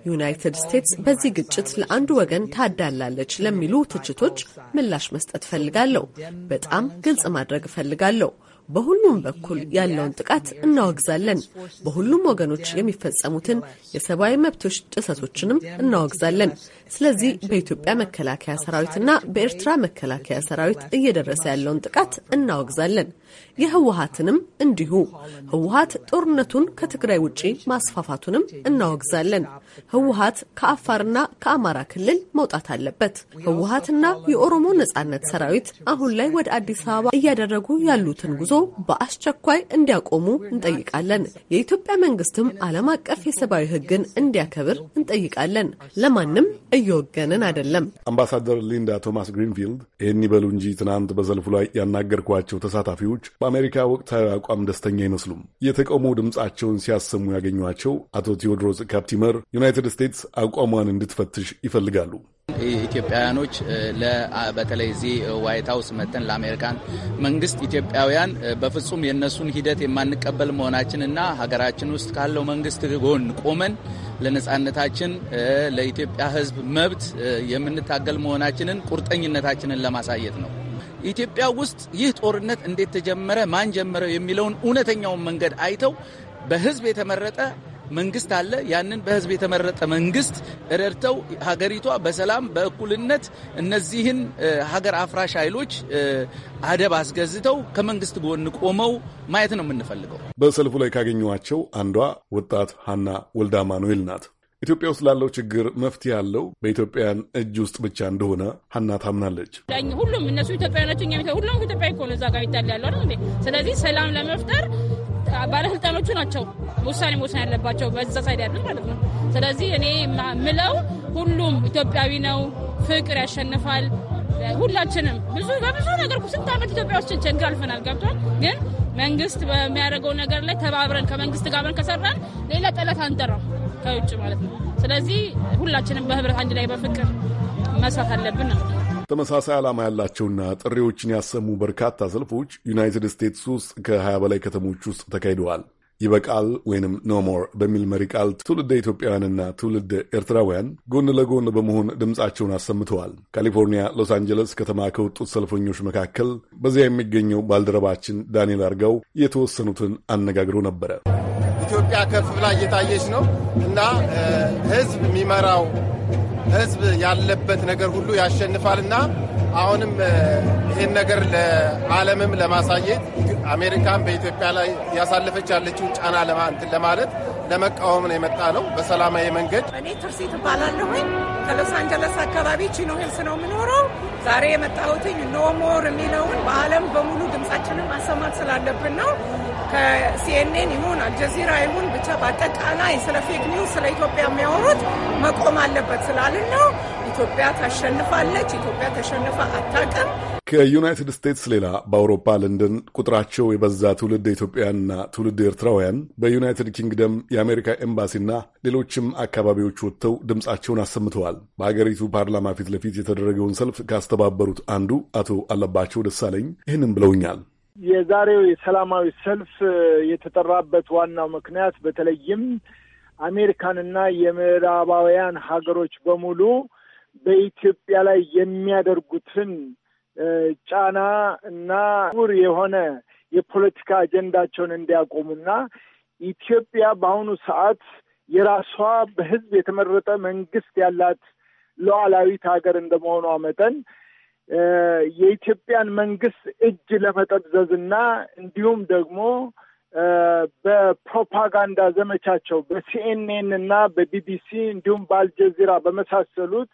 ዩናይትድ ስቴትስ በዚህ ግጭት ለአንዱ ወገን ታዳላለች ለሚሉ ትችቶች ምላሽ መስጠት እፈልጋለሁ። በጣም ግልጽ ማድረግ እፈልጋለሁ። በሁሉም በኩል ያለውን ጥቃት እናወግዛለን። በሁሉም ወገኖች የሚፈጸሙትን የሰብአዊ መብቶች ጥሰቶችንም እናወግዛለን። ስለዚህ በኢትዮጵያ መከላከያ ሰራዊትና በኤርትራ መከላከያ ሰራዊት እየደረሰ ያለውን ጥቃት እናወግዛለን። የህወሀትንም እንዲሁ። ህወሀት ጦርነቱን ከትግራይ ውጪ ማስፋፋቱንም እናወግዛለን። ህወሀት ከአፋርና ከአማራ ክልል መውጣት አለበት። ህወሀትና የኦሮሞ ነጻነት ሰራዊት አሁን ላይ ወደ አዲስ አበባ እያደረጉ ያሉትን ጉዞ በአስቸኳይ እንዲያቆሙ እንጠይቃለን። የኢትዮጵያ መንግስትም ዓለም አቀፍ የሰብአዊ ህግን እንዲያከብር እንጠይቃለን። ለማንም እየወገንን አይደለም። አምባሳደር ሊንዳ ቶማስ ግሪንፊልድ ይህን ይበሉ እንጂ ትናንት በሰልፉ ላይ ያናገርኳቸው ተሳታፊዎች ፓርቲዎች በአሜሪካ ወቅታዊ አቋም ደስተኛ አይመስሉም። የተቃውሞ ድምፃቸውን ሲያሰሙ ያገኟቸው አቶ ቴዎድሮስ ካፕቲመር ዩናይትድ ስቴትስ አቋሟን እንድትፈትሽ ይፈልጋሉ። ኢትዮጵያውያኖች በተለይ እዚህ ዋይት ሀውስ መተን ለአሜሪካን መንግስት ኢትዮጵያውያን በፍጹም የእነሱን ሂደት የማንቀበል መሆናችን እና ሀገራችን ውስጥ ካለው መንግስት ጎን ቆመን ለነጻነታችን ለኢትዮጵያ ሕዝብ መብት የምንታገል መሆናችንን ቁርጠኝነታችንን ለማሳየት ነው። ኢትዮጵያ ውስጥ ይህ ጦርነት እንዴት ተጀመረ፣ ማን ጀመረው የሚለውን እውነተኛውን መንገድ አይተው በህዝብ የተመረጠ መንግስት አለ። ያንን በህዝብ የተመረጠ መንግስት ረድተው ሀገሪቷ በሰላም በእኩልነት እነዚህን ሀገር አፍራሽ ኃይሎች አደብ አስገዝተው ከመንግስት ጎን ቆመው ማየት ነው የምንፈልገው። በሰልፉ ላይ ካገኘኋቸው አንዷ ወጣት ሀና ወልዳ ማኑኤል ናት። ኢትዮጵያ ውስጥ ላለው ችግር መፍትሄ ያለው በኢትዮጵያን እጅ ውስጥ ብቻ እንደሆነ ሀና ታምናለች። ሁሉም እነሱ ኢትዮጵያ ናቸው። ሁሉም ኢትዮጵያ እኮ እዛ ጋር ይታል ያለ ነው። ስለዚህ ሰላም ለመፍጠር ባለስልጣኖቹ ናቸው ውሳኔ መወሰን ያለባቸው በዛ ሳይድ ያለ ማለት ነው። ስለዚህ እኔ ምለው ሁሉም ኢትዮጵያዊ ነው። ፍቅር ያሸንፋል። ሁላችንም ብዙ በብዙ ነገር ስንት ዓመት ኢትዮጵያ ውስጥ ችግር አልፈናል። ገብቷል። ግን መንግስት በሚያደርገው ነገር ላይ ተባብረን ከመንግስት ጋር ብረን ከሰራን ሌላ ጠላት አንጠራም። ከውጭ ማለት ነው። ስለዚህ ሁላችንም በህብረት አንድ ላይ በፍቅር መስራት አለብን ነው። ተመሳሳይ ዓላማ ያላቸውና ጥሪዎችን ያሰሙ በርካታ ሰልፎች ዩናይትድ ስቴትስ ውስጥ ከ20 በላይ ከተሞች ውስጥ ተካሂደዋል። ይበቃል ወይንም ኖሞር በሚል መሪ ቃል ትውልደ ኢትዮጵያውያንና ትውልድ ኤርትራውያን ጎን ለጎን በመሆን ድምፃቸውን አሰምተዋል። ካሊፎርኒያ ሎስ አንጀለስ ከተማ ከወጡት ሰልፈኞች መካከል በዚያ የሚገኘው ባልደረባችን ዳንኤል አርጋው የተወሰኑትን አነጋግሮ ነበረ። ኢትዮጵያ ከፍ ብላ እየታየች ነው እና ህዝብ የሚመራው ህዝብ ያለበት ነገር ሁሉ ያሸንፋል እና አሁንም ይህን ነገር ለዓለምም ለማሳየት አሜሪካን በኢትዮጵያ ላይ እያሳለፈች ያለችውን ጫና ለማንትን ለማለት ለመቃወም ነው የመጣ ነው በሰላማዊ መንገድ። እኔ ትርሲት እባላለሁኝ ከሎስ አንጀለስ አካባቢ ቺኖ ሂልስ ነው የምኖረው። ዛሬ የመጣሁትኝ ኖሞር የሚለውን በዓለም በሙሉ ድምፃችንን ማሰማት ስላለብን ነው። ከሲኤንኤን ይሁን አልጀዚራ ይሁን ብቻ በአጠቃላይ ስለ ፌክ ኒውስ ስለ ኢትዮጵያ የሚያወሩት መቆም አለበት ስላልን ነው። ኢትዮጵያ ታሸንፋለች፣ ኢትዮጵያ ተሸንፋ አታውቅም። ከዩናይትድ ስቴትስ ሌላ በአውሮፓ ለንደን ቁጥራቸው የበዛ ትውልድ ኢትዮጵያና ትውልድ ኤርትራውያን በዩናይትድ ኪንግደም የአሜሪካ ኤምባሲና ሌሎችም አካባቢዎች ወጥተው ድምፃቸውን አሰምተዋል። በሀገሪቱ ፓርላማ ፊት ለፊት የተደረገውን ሰልፍ ካስተባበሩት አንዱ አቶ አለባቸው ደሳለኝ ይህንን ብለውኛል። የዛሬው የሰላማዊ ሰልፍ የተጠራበት ዋናው ምክንያት በተለይም አሜሪካንና የምዕራባውያን ሀገሮች በሙሉ በኢትዮጵያ ላይ የሚያደርጉትን ጫና እና ውር የሆነ የፖለቲካ አጀንዳቸውን እንዲያቆሙና ኢትዮጵያ በአሁኑ ሰዓት የራሷ በሕዝብ የተመረጠ መንግስት ያላት ሉዓላዊት ሀገር እንደመሆኗ መጠን የኢትዮጵያን መንግስት እጅ ለመጠምዘዝና እንዲሁም ደግሞ በፕሮፓጋንዳ ዘመቻቸው በሲኤንኤን እና በቢቢሲ እንዲሁም በአልጀዚራ በመሳሰሉት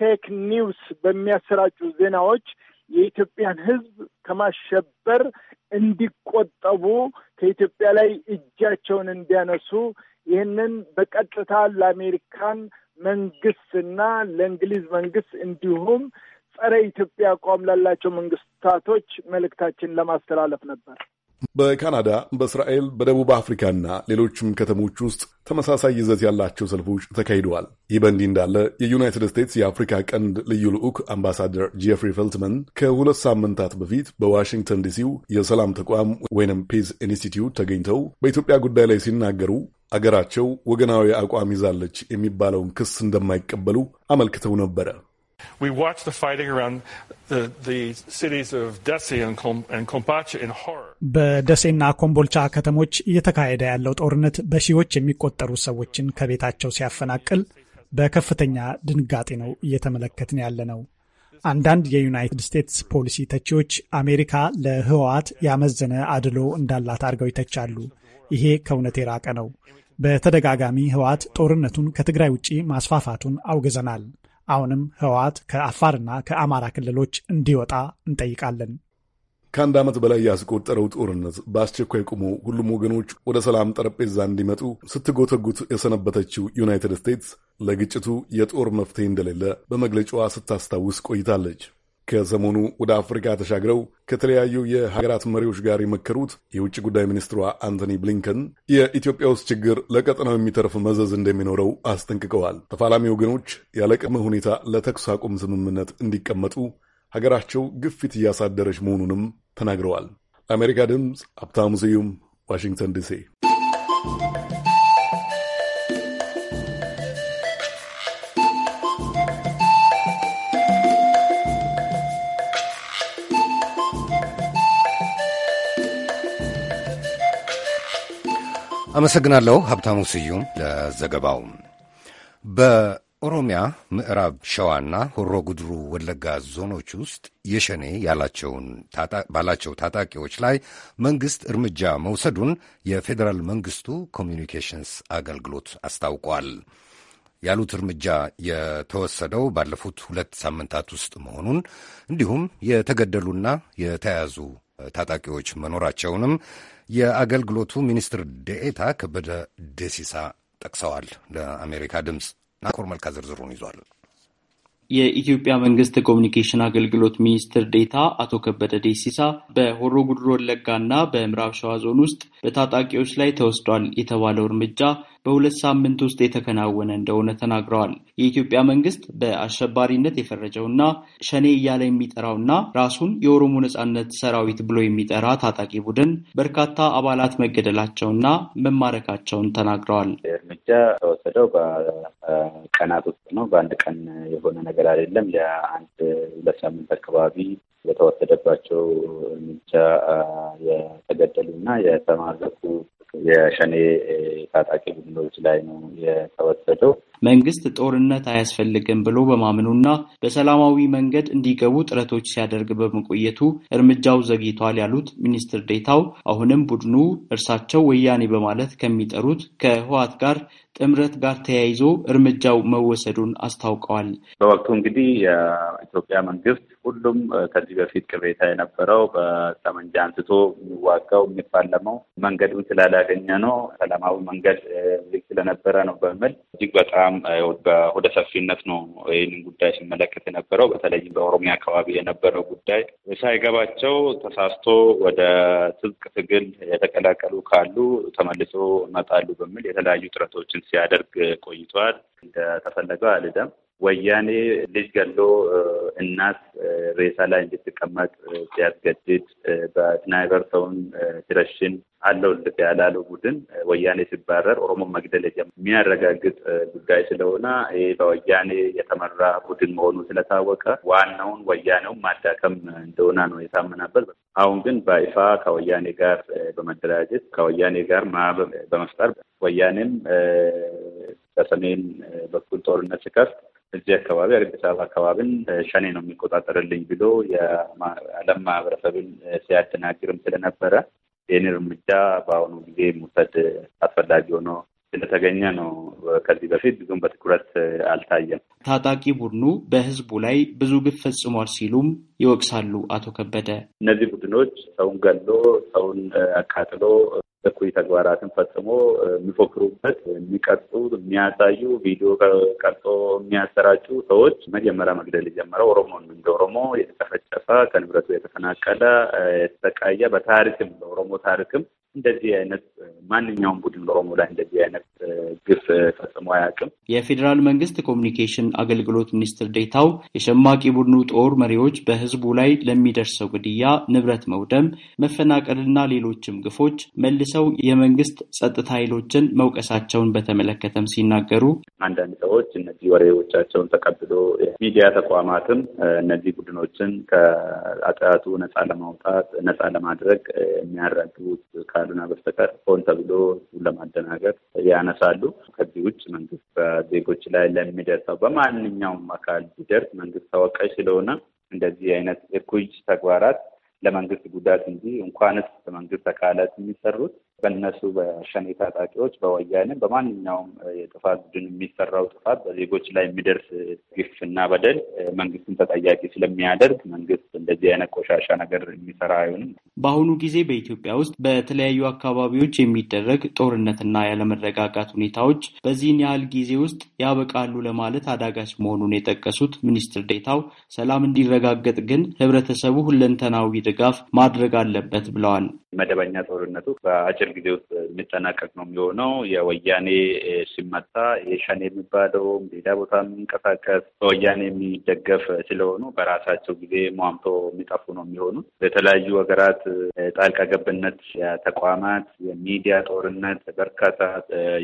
ፌክ ኒውስ በሚያሰራጩ ዜናዎች የኢትዮጵያን ሕዝብ ከማሸበር እንዲቆጠቡ ከኢትዮጵያ ላይ እጃቸውን እንዲያነሱ ይህንን በቀጥታ ለአሜሪካን መንግስትና ለእንግሊዝ መንግስት እንዲሁም ጸረ ኢትዮጵያ አቋም ላላቸው መንግስታቶች መልእክታችን ለማስተላለፍ ነበር። በካናዳ በእስራኤል በደቡብ አፍሪካና ሌሎችም ከተሞች ውስጥ ተመሳሳይ ይዘት ያላቸው ሰልፎች ተካሂደዋል። ይህ በእንዲህ እንዳለ የዩናይትድ ስቴትስ የአፍሪካ ቀንድ ልዩ ልዑክ አምባሳደር ጄፍሪ ፈልትመን ከሁለት ሳምንታት በፊት በዋሽንግተን ዲሲው የሰላም ተቋም ወይንም ፒስ ኢንስቲትዩት ተገኝተው በኢትዮጵያ ጉዳይ ላይ ሲናገሩ አገራቸው ወገናዊ አቋም ይዛለች የሚባለውን ክስ እንደማይቀበሉ አመልክተው ነበረ። በደሴና ኮምቦልቻ ከተሞች እየተካሄደ ያለው ጦርነት በሺዎች የሚቆጠሩ ሰዎችን ከቤታቸው ሲያፈናቅል በከፍተኛ ድንጋጤ ነው እየተመለከትን ያለ ነው። አንዳንድ የዩናይትድ ስቴትስ ፖሊሲ ተቺዎች አሜሪካ ለህወሓት ያመዘነ አድሎ እንዳላት አድርገው ይተቻሉ። ይሄ ከእውነት የራቀ ነው። በተደጋጋሚ ህወሓት ጦርነቱን ከትግራይ ውጪ ማስፋፋቱን አውግዘናል። አሁንም ህወሓት ከአፋርና ከአማራ ክልሎች እንዲወጣ እንጠይቃለን። ከአንድ ዓመት በላይ ያስቆጠረው ጦርነት በአስቸኳይ ቆሞ ሁሉም ወገኖች ወደ ሰላም ጠረጴዛ እንዲመጡ ስትጎተጉት የሰነበተችው ዩናይትድ ስቴትስ ለግጭቱ የጦር መፍትሄ እንደሌለ በመግለጫዋ ስታስታውስ ቆይታለች። ከሰሞኑ ወደ አፍሪካ ተሻግረው ከተለያዩ የሀገራት መሪዎች ጋር የመከሩት የውጭ ጉዳይ ሚኒስትሯ አንቶኒ ብሊንከን የኢትዮጵያ ውስጥ ችግር ለቀጠናው የሚተርፍ መዘዝ እንደሚኖረው አስጠንቅቀዋል። ተፋላሚ ወገኖች ያለ ቅድመ ሁኔታ ለተኩስ አቁም ስምምነት እንዲቀመጡ ሀገራቸው ግፊት እያሳደረች መሆኑንም ተናግረዋል። ለአሜሪካ ድምፅ ሀብታሙ ስዩም ዋሽንግተን ዲሲ አመሰግናለሁ ሀብታሙ ስዩም ለዘገባው። በኦሮሚያ ምዕራብ ሸዋና ሆሮ ጉድሩ ወለጋ ዞኖች ውስጥ የሸኔ ያላቸውን ባላቸው ታጣቂዎች ላይ መንግሥት እርምጃ መውሰዱን የፌዴራል መንግሥቱ ኮሚኒኬሽንስ አገልግሎት አስታውቋል። ያሉት እርምጃ የተወሰደው ባለፉት ሁለት ሳምንታት ውስጥ መሆኑን እንዲሁም የተገደሉና የተያዙ ታጣቂዎች መኖራቸውንም የአገልግሎቱ ሚኒስትር ደኤታ ከበደ ደሲሳ ጠቅሰዋል። ለአሜሪካ ድምፅ ናኮር መልካ ዝርዝሩን ይዟል። የኢትዮጵያ መንግስት ኮሚኒኬሽን አገልግሎት ሚኒስትር ዴታ አቶ ከበደ ዴሲሳ በሆሮ ጉድሮ ወለጋና በምዕራብ ሸዋ ዞን ውስጥ በታጣቂዎች ላይ ተወስዷል የተባለው እርምጃ በሁለት ሳምንት ውስጥ የተከናወነ እንደሆነ ተናግረዋል። የኢትዮጵያ መንግስት በአሸባሪነት የፈረጀውና ሸኔ እያለ የሚጠራውና ራሱን የኦሮሞ ነጻነት ሰራዊት ብሎ የሚጠራ ታጣቂ ቡድን በርካታ አባላት መገደላቸውና መማረካቸውን ተናግረዋል። እርምጃ ተወሰደው በቀናት ውስጥ ነው። በአንድ ቀን የሆነ ነገር አይደለም። ለአንድ ሁለት ሳምንት አካባቢ በተወሰደባቸው እርምጃ የተገደሉ እና የተማረኩ የሸኔ ታጣቂ ቡድኖች ላይ ነው የተወሰደው። መንግስት ጦርነት አያስፈልግም ብሎ በማመኑና በሰላማዊ መንገድ እንዲገቡ ጥረቶች ሲያደርግ በመቆየቱ እርምጃው ዘግይቷል ያሉት ሚኒስትር ዴታው አሁንም ቡድኑ እርሳቸው ወያኔ በማለት ከሚጠሩት ከህወሓት ጋር ጥምረት ጋር ተያይዞ እርምጃው መወሰዱን አስታውቀዋል። በወቅቱ እንግዲህ የኢትዮጵያ መንግስት ሁሉም ከዚህ በፊት ቅሬታ የነበረው በጠመንጃ አንስቶ የሚዋጋው የሚፋለመው መንገዱን ስላላገኘ ነው፣ ሰላማዊ መንገድ ስለነበረ ነው በሚል እጅግ በጣም በጣም ወደ ሰፊነት ነው ይህንን ጉዳይ ሲመለከት የነበረው። በተለይም በኦሮሚያ አካባቢ የነበረው ጉዳይ ሳይገባቸው ተሳስቶ ወደ ትጥቅ ትግል የተቀላቀሉ ካሉ ተመልሶ መጣሉ በሚል የተለያዩ ጥረቶችን ሲያደርግ ቆይቷል። እንደተፈለገ አልደም ወያኔ ልጅ ገሎ እናት ሬሳ ላይ እንድትቀመጥ ሲያስገድድ በስናይበር ሰውን ሲረሽን አለሁልህ ያላለው ቡድን ወያኔ ሲባረር ኦሮሞ መግደል የሚያረጋግጥ ጉዳይ ስለሆነ ይህ በወያኔ የተመራ ቡድን መሆኑ ስለታወቀ ዋናውን ወያኔውን ማዳከም እንደሆነ ነው የታመናበት። አሁን ግን በይፋ ከወያኔ ጋር በመደራጀት ከወያኔ ጋር ማህበር በመፍጠር ወያኔም በሰሜን በኩል ጦርነት ሲከፍት እዚህ አካባቢ አዲስ አበባ አካባቢን ሸኔ ነው የሚቆጣጠርልኝ ብሎ የዓለም ማህበረሰብን ሲያደናግርም ስለነበረ ይህን እርምጃ በአሁኑ ጊዜ መውሰድ አስፈላጊ ሆኖ ስለተገኘ ነው። ከዚህ በፊት ብዙም በትኩረት አልታየም። ታጣቂ ቡድኑ በህዝቡ ላይ ብዙ ግፍ ፈጽሟል ሲሉም ይወቅሳሉ አቶ ከበደ። እነዚህ ቡድኖች ሰውን ገሎ፣ ሰውን አካጥሎ። እኩይ ተግባራትን ፈጽሞ የሚፎክሩበት የሚቀርጹ የሚያሳዩ ቪዲዮ ቀርጾ የሚያሰራጩ ሰዎች መጀመሪያ መግደል የጀመረው ኦሮሞን እንደ ኦሮሞ የተጨፈጨፈ ከንብረቱ የተፈናቀለ የተሰቃየ በታሪክም በኦሮሞ ታሪክም እንደዚህ አይነት ማንኛውም ቡድን በኦሮሞ ላይ እንደዚህ አይነት ግፍ ፈጽሞ አያውቅም። የፌዴራል መንግስት ኮሚኒኬሽን አገልግሎት ሚኒስትር ዴታው የሸማቂ ቡድኑ ጦር መሪዎች በህዝቡ ላይ ለሚደርሰው ግድያ፣ ንብረት መውደም፣ መፈናቀልና ሌሎችም ግፎች መልሰው የመንግስት ጸጥታ ኃይሎችን መውቀሳቸውን በተመለከተም ሲናገሩ አንዳንድ ሰዎች እነዚህ ወሬዎቻቸውን ተቀብሎ ሚዲያ ተቋማትም እነዚህ ቡድኖችን ከአጥያቱ ነፃ ለማውጣት ነፃ ለማድረግ የሚያረዱት ካልሆነ በስተቀር ሆን ተብሎ ለማደናገር ያነሳሉ። ከዚህ ውጭ መንግስት በዜጎች ላይ ለሚደርሰው በማንኛውም አካል ቢደርስ መንግስት ተወቃሽ ስለሆነ እንደዚህ አይነት እኩይ ተግባራት ለመንግስት ጉዳት እንጂ እንኳንስ በመንግስት አካላት የሚሰሩት በእነሱ በሸኔ ታጣቂዎች፣ በወያኔ በማንኛውም የጥፋት ቡድን የሚሰራው ጥፋት በዜጎች ላይ የሚደርስ እና በደል መንግስትን ተጠያቂ ስለሚያደርግ መንግስት እንደዚህ አይነት ቆሻሻ ነገር የሚሰራ አይሆንም። በአሁኑ ጊዜ በኢትዮጵያ ውስጥ በተለያዩ አካባቢዎች የሚደረግ ጦርነትና ያለመረጋጋት ሁኔታዎች በዚህን ያህል ጊዜ ውስጥ ያበቃሉ ለማለት አዳጋች መሆኑን የጠቀሱት ሚኒስትር ዴታው ሰላም እንዲረጋገጥ ግን ህብረተሰቡ ሁለንተናዊ ድጋፍ ማድረግ አለበት ብለዋል። መደበኛ ጦርነቱ በአጭር በአጭር ጊዜ ውስጥ የሚጠናቀቅ ነው የሚሆነው። የወያኔ ሲመታ የሸኔ የሚባለው ሌላ ቦታ የሚንቀሳቀስ በወያኔ የሚደገፍ ስለሆኑ በራሳቸው ጊዜ ሟምቶ የሚጠፉ ነው የሚሆኑት። በተለያዩ ሀገራት ጣልቃ ገብነት ተቋማት፣ የሚዲያ ጦርነት፣ በርካታ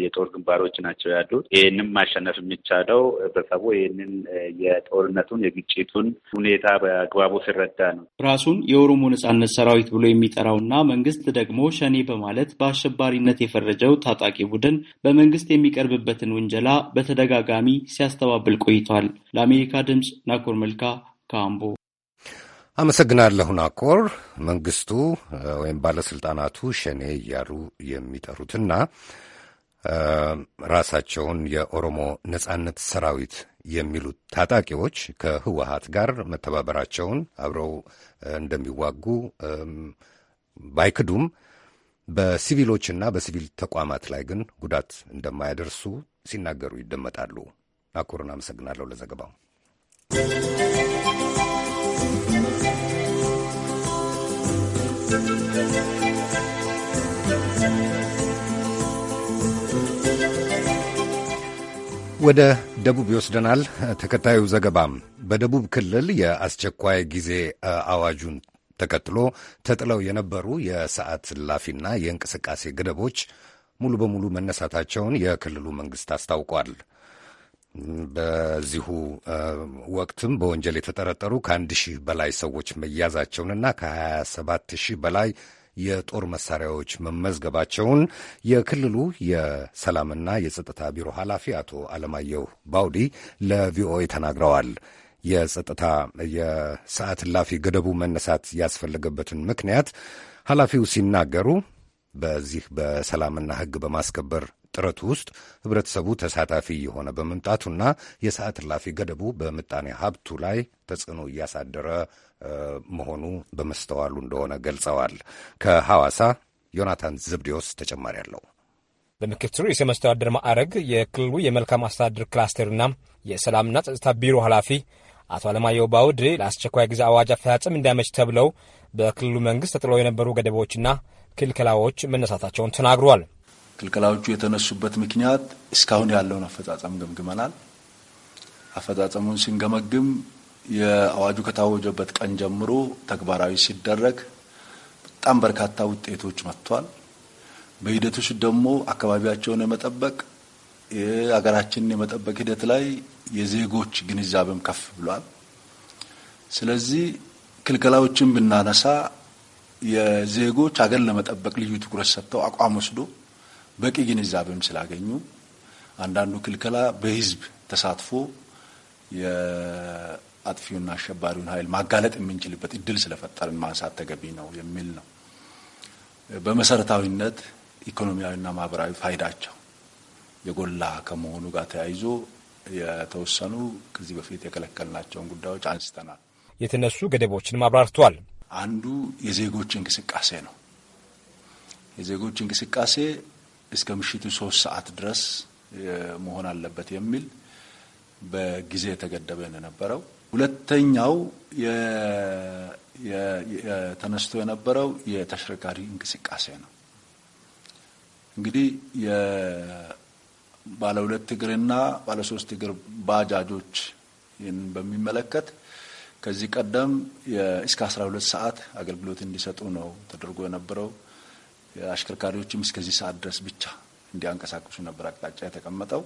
የጦር ግንባሮች ናቸው ያሉት። ይህንም ማሸነፍ የሚቻለው ህብረተሰቡ ይህንን የጦርነቱን የግጭቱን ሁኔታ በአግባቡ ሲረዳ ነው። ራሱን የኦሮሞ ነጻነት ሰራዊት ብሎ የሚጠራው እና መንግስት ደግሞ ሸኔ በማለት በአሸባሪነት የፈረጀው ታጣቂ ቡድን በመንግስት የሚቀርብበትን ውንጀላ በተደጋጋሚ ሲያስተባብል ቆይቷል። ለአሜሪካ ድምፅ ናኮር መልካ ከአምቦ አመሰግናለሁ ናኮር። መንግስቱ ወይም ባለስልጣናቱ ሸኔ እያሉ የሚጠሩትና ራሳቸውን የኦሮሞ ነጻነት ሰራዊት የሚሉት ታጣቂዎች ከህወሀት ጋር መተባበራቸውን አብረው እንደሚዋጉ ባይክዱም በሲቪሎችና በሲቪል ተቋማት ላይ ግን ጉዳት እንደማያደርሱ ሲናገሩ ይደመጣሉ። አኩርን አመሰግናለሁ ለዘገባው። ወደ ደቡብ ይወስደናል። ተከታዩ ዘገባም በደቡብ ክልል የአስቸኳይ ጊዜ አዋጁን ተከትሎ ተጥለው የነበሩ የሰዓት ላፊና የእንቅስቃሴ ገደቦች ሙሉ በሙሉ መነሳታቸውን የክልሉ መንግስት አስታውቋል። በዚሁ ወቅትም በወንጀል የተጠረጠሩ ከአንድ ሺህ በላይ ሰዎች መያዛቸውንና ከ27 ሺህ በላይ የጦር መሳሪያዎች መመዝገባቸውን የክልሉ የሰላምና የጸጥታ ቢሮ ኃላፊ አቶ አለማየሁ ባውዲ ለቪኦኤ ተናግረዋል። የጸጥታ የሰዓት እላፊ ገደቡ መነሳት ያስፈለገበትን ምክንያት ኃላፊው ሲናገሩ በዚህ በሰላምና ሕግ በማስከበር ጥረቱ ውስጥ ህብረተሰቡ ተሳታፊ የሆነ በመምጣቱና የሰዓት እላፊ ገደቡ በምጣኔ ሀብቱ ላይ ተጽዕኖ እያሳደረ መሆኑ በመስተዋሉ እንደሆነ ገልጸዋል። ከሐዋሳ ዮናታን ዘብዴዎስ ተጨማሪ አለው። በምክትሉ የሰ መስተዳደር ማዕረግ የክልሉ የመልካም አስተዳደር ክላስተርና የሰላምና ጸጥታ ቢሮ ኃላፊ አቶ አለማየሁ ባውድ ለአስቸኳይ ጊዜ አዋጅ አፈጻጸም እንዳይመች ተብለው በክልሉ መንግስት ተጥለው የነበሩ ገደቦችና ክልከላዎች መነሳታቸውን ተናግሯል። ክልከላዎቹ የተነሱበት ምክንያት እስካሁን ያለውን አፈጻጸም ገምግመናል። አፈጻጸሙን ስንገመግም የአዋጁ ከታወጀበት ቀን ጀምሮ ተግባራዊ ሲደረግ በጣም በርካታ ውጤቶች መጥቷል። በሂደቶች ደግሞ አካባቢያቸውን የመጠበቅ የሀገራችንን የመጠበቅ ሂደት ላይ የዜጎች ግንዛቤም ከፍ ብሏል። ስለዚህ ክልከላዎችን ብናነሳ የዜጎች ሀገር ለመጠበቅ ልዩ ትኩረት ሰጥተው አቋም ወስዶ በቂ ግንዛቤም ስላገኙ አንዳንዱ ክልከላ በህዝብ ተሳትፎ የአጥፊውና አሸባሪውን ኃይል ማጋለጥ የምንችልበት እድል ስለፈጠርን ማንሳት ተገቢ ነው የሚል ነው። በመሰረታዊነት ኢኮኖሚያዊና ማህበራዊ ፋይዳቸው የጎላ ከመሆኑ ጋር ተያይዞ የተወሰኑ ከዚህ በፊት የከለከልናቸውን ጉዳዮች አንስተናል። የተነሱ ገደቦችንም አብራርተዋል። አንዱ የዜጎች እንቅስቃሴ ነው። የዜጎች እንቅስቃሴ እስከ ምሽቱ ሶስት ሰዓት ድረስ መሆን አለበት የሚል በጊዜ የተገደበ ነው የነበረው። ሁለተኛው ተነስቶ የነበረው የተሽከርካሪ እንቅስቃሴ ነው። እንግዲህ ባለ ሁለት እግርና ባለ ሶስት እግር ባጃጆች ይህን በሚመለከት ከዚህ ቀደም እስከ ሁለት ሰዓት አገልግሎት እንዲሰጡ ነው ተደርጎ የነበረው። አሽከርካሪዎችም እስከዚህ ሰዓት ድረስ ብቻ እንዲያንቀሳቅሱ ነበር አቅጣጫ የተቀመጠው።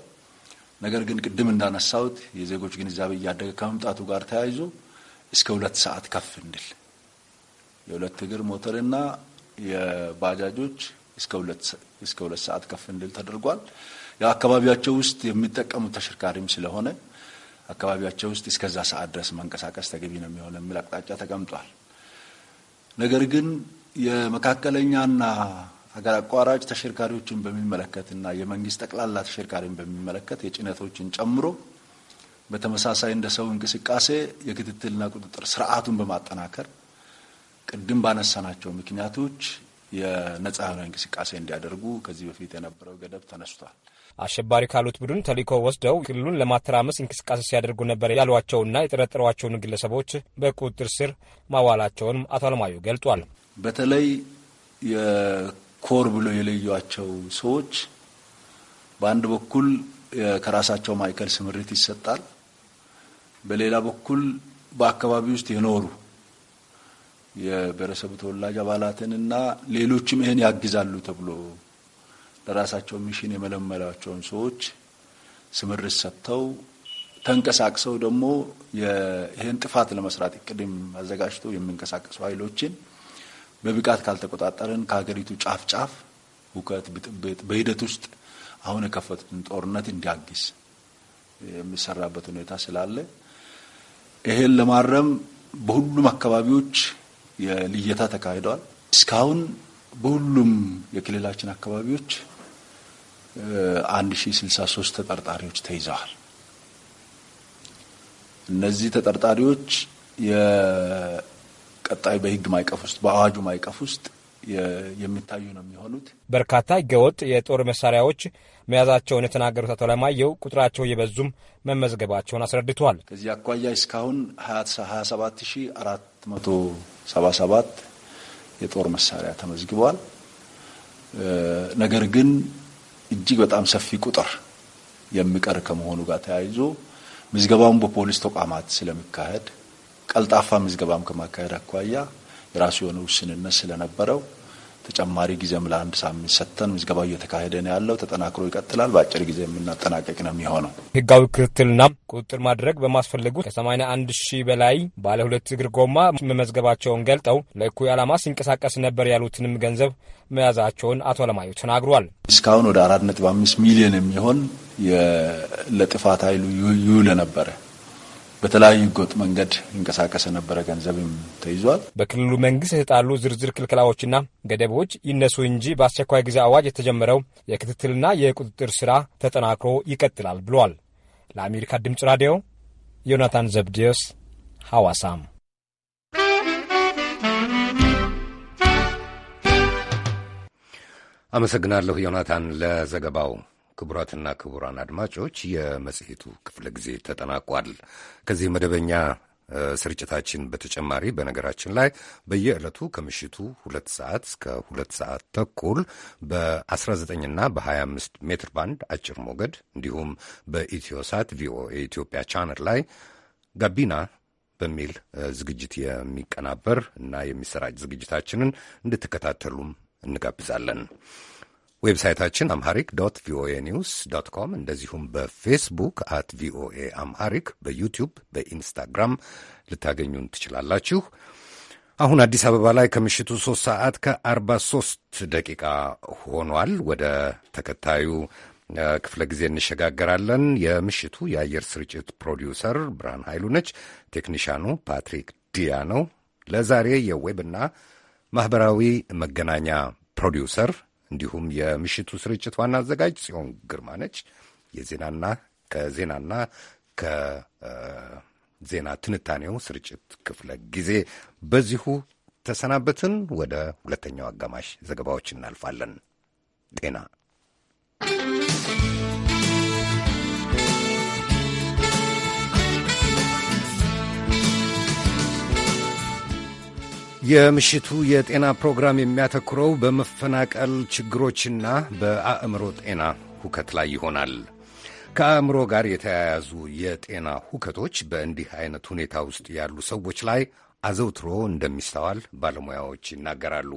ነገር ግን ቅድም እንዳነሳሁት የዜጎች ግንዛቤ እያደገ ከመምጣቱ ጋር ተያይዞ እስከ ሁለት ሰዓት ከፍ እንድል የሁለት እግር ሞተርና የባጃጆች እስከ ሁለት ሰዓት ከፍ እንድል ተደርጓል። የአካባቢያቸው ውስጥ የሚጠቀሙት ተሽከርካሪም ስለሆነ አካባቢያቸው ውስጥ እስከዛ ሰዓት ድረስ መንቀሳቀስ ተገቢ ነው የሚሆነ የሚል አቅጣጫ ተቀምጧል። ነገር ግን የመካከለኛና ሀገር አቋራጭ ተሽከርካሪዎችን በሚመለከትና የመንግስት ጠቅላላ ተሽከርካሪን በሚመለከት የጭነቶችን ጨምሮ በተመሳሳይ እንደ ሰው እንቅስቃሴ የክትትልና ቁጥጥር ስርዓቱን በማጠናከር ቅድም ባነሳናቸው ምክንያቶች የነጻ የሆነ እንቅስቃሴ እንዲያደርጉ ከዚህ በፊት የነበረው ገደብ ተነስቷል። አሸባሪ ካሉት ቡድን ተልዕኮ ወስደው ክልሉን ለማተራመስ እንቅስቃሴ ሲያደርጉ ነበር ያሏቸውና የጠረጠሯቸውን ግለሰቦች በቁጥጥር ስር ማዋላቸውንም አቶ አለማዩ ገልጿል። በተለይ የኮር ብሎ የለዩቸው ሰዎች በአንድ በኩል ከራሳቸው ማዕከል ስምሪት ይሰጣል፣ በሌላ በኩል በአካባቢ ውስጥ የኖሩ የብሔረሰቡ ተወላጅ አባላትንና ሌሎችም ይህን ያግዛሉ ተብሎ ራሳቸው ሚሽን የመለመላቸውን ሰዎች ስምርት ሰጥተው ተንቀሳቅሰው ደግሞ ይህን ጥፋት ለመስራት እቅድም አዘጋጅቶ የሚንቀሳቀሱ ኃይሎችን በብቃት ካልተቆጣጠርን ከሀገሪቱ ጫፍ ጫፍ ሁከት፣ ብጥብጥ በሂደት ውስጥ አሁን የከፈቱትን ጦርነት እንዲያግስ የሚሰራበት ሁኔታ ስላለ ይሄን ለማረም በሁሉም አካባቢዎች የልየታ ተካሂደዋል። እስካሁን በሁሉም የክልላችን አካባቢዎች 1063 ተጠርጣሪዎች ተይዘዋል። እነዚህ ተጠርጣሪዎች የቀጣይ በህግ ማይቀፍ ውስጥ በአዋጁ ማይቀፍ ውስጥ የሚታዩ ነው የሚሆኑት። በርካታ ህገወጥ የጦር መሳሪያዎች መያዛቸውን የተናገሩት አቶ ለማየው ቁጥራቸው እየበዙም መመዝገባቸውን አስረድተዋል። ከዚህ አኳያ እስካሁን 27477 የጦር መሳሪያ ተመዝግበዋል። ነገር ግን እጅግ በጣም ሰፊ ቁጥር የሚቀር ከመሆኑ ጋር ተያይዞ ምዝገባውን በፖሊስ ተቋማት ስለሚካሄድ ቀልጣፋ ምዝገባም ከማካሄድ አኳያ የራሱ የሆነ ውስንነት ስለነበረው ተጨማሪ ጊዜም ለአንድ ሳምንት ሰጥተን ምዝገባው እየተካሄደ ነው ያለው። ተጠናክሮ ይቀጥላል። በአጭር ጊዜ የምናጠናቀቅ ነው የሚሆነው። ህጋዊ ክትትልና ቁጥጥር ማድረግ በማስፈለጉ ከሰማንያ አንድ ሺህ በላይ ባለ ሁለት እግር ጎማ መመዝገባቸውን ገልጠው ለእኩይ ዓላማ ሲንቀሳቀስ ነበር ያሉትንም ገንዘብ መያዛቸውን አቶ አለማየሁ ተናግሯል። እስካሁን ወደ አራት ነጥብ አምስት ሚሊዮን የሚሆን ለጥፋት ኃይሉ ይውል ነበረ በተለያዩ ህገወጥ መንገድ ይንቀሳቀስ የነበረ ገንዘብም ተይዟል። በክልሉ መንግስት የተጣሉ ዝርዝር ክልክላዎችና ገደቦች ይነሱ እንጂ በአስቸኳይ ጊዜ አዋጅ የተጀመረው የክትትልና የቁጥጥር ስራ ተጠናክሮ ይቀጥላል ብሏል። ለአሜሪካ ድምፅ ራዲዮ ዮናታን ዘብዴዎስ ሐዋሳም አመሰግናለሁ ዮናታን ለዘገባው። ክቡራትና ክቡራን አድማጮች የመጽሔቱ ክፍለ ጊዜ ተጠናቋል። ከዚህ መደበኛ ስርጭታችን በተጨማሪ በነገራችን ላይ በየዕለቱ ከምሽቱ ሁለት ሰዓት እስከ ሁለት ሰዓት ተኩል በ19 እና በ25 ሜትር ባንድ አጭር ሞገድ እንዲሁም በኢትዮሳት ቪኦኤ ኢትዮጵያ ቻነል ላይ ጋቢና በሚል ዝግጅት የሚቀናበር እና የሚሰራጭ ዝግጅታችንን እንድትከታተሉም እንጋብዛለን። ዌብሳይታችን አምሃሪክ ዶት ቪኦኤ ኒውስ ዶት ኮም እንደዚሁም በፌስቡክ አት ቪኦኤ አምሃሪክ በዩቲዩብ በኢንስታግራም ልታገኙን ትችላላችሁ። አሁን አዲስ አበባ ላይ ከምሽቱ 3 ሰዓት ከ43 ደቂቃ ሆኗል። ወደ ተከታዩ ክፍለ ጊዜ እንሸጋገራለን። የምሽቱ የአየር ስርጭት ፕሮዲውሰር ብርሃን ኃይሉ ነች። ቴክኒሻኑ ፓትሪክ ዲያ ነው። ለዛሬ የዌብና ማኅበራዊ መገናኛ ፕሮዲውሰር እንዲሁም የምሽቱ ስርጭት ዋና አዘጋጅ ጽዮን ግርማ ነች። የዜናና ከዜናና ከዜና ትንታኔው ስርጭት ክፍለ ጊዜ በዚሁ ተሰናበትን። ወደ ሁለተኛው አጋማሽ ዘገባዎች እናልፋለን። ጤና የምሽቱ የጤና ፕሮግራም የሚያተኩረው በመፈናቀል ችግሮችና በአእምሮ ጤና ሁከት ላይ ይሆናል። ከአእምሮ ጋር የተያያዙ የጤና ሁከቶች በእንዲህ አይነት ሁኔታ ውስጥ ያሉ ሰዎች ላይ አዘውትሮ እንደሚስተዋል ባለሙያዎች ይናገራሉ።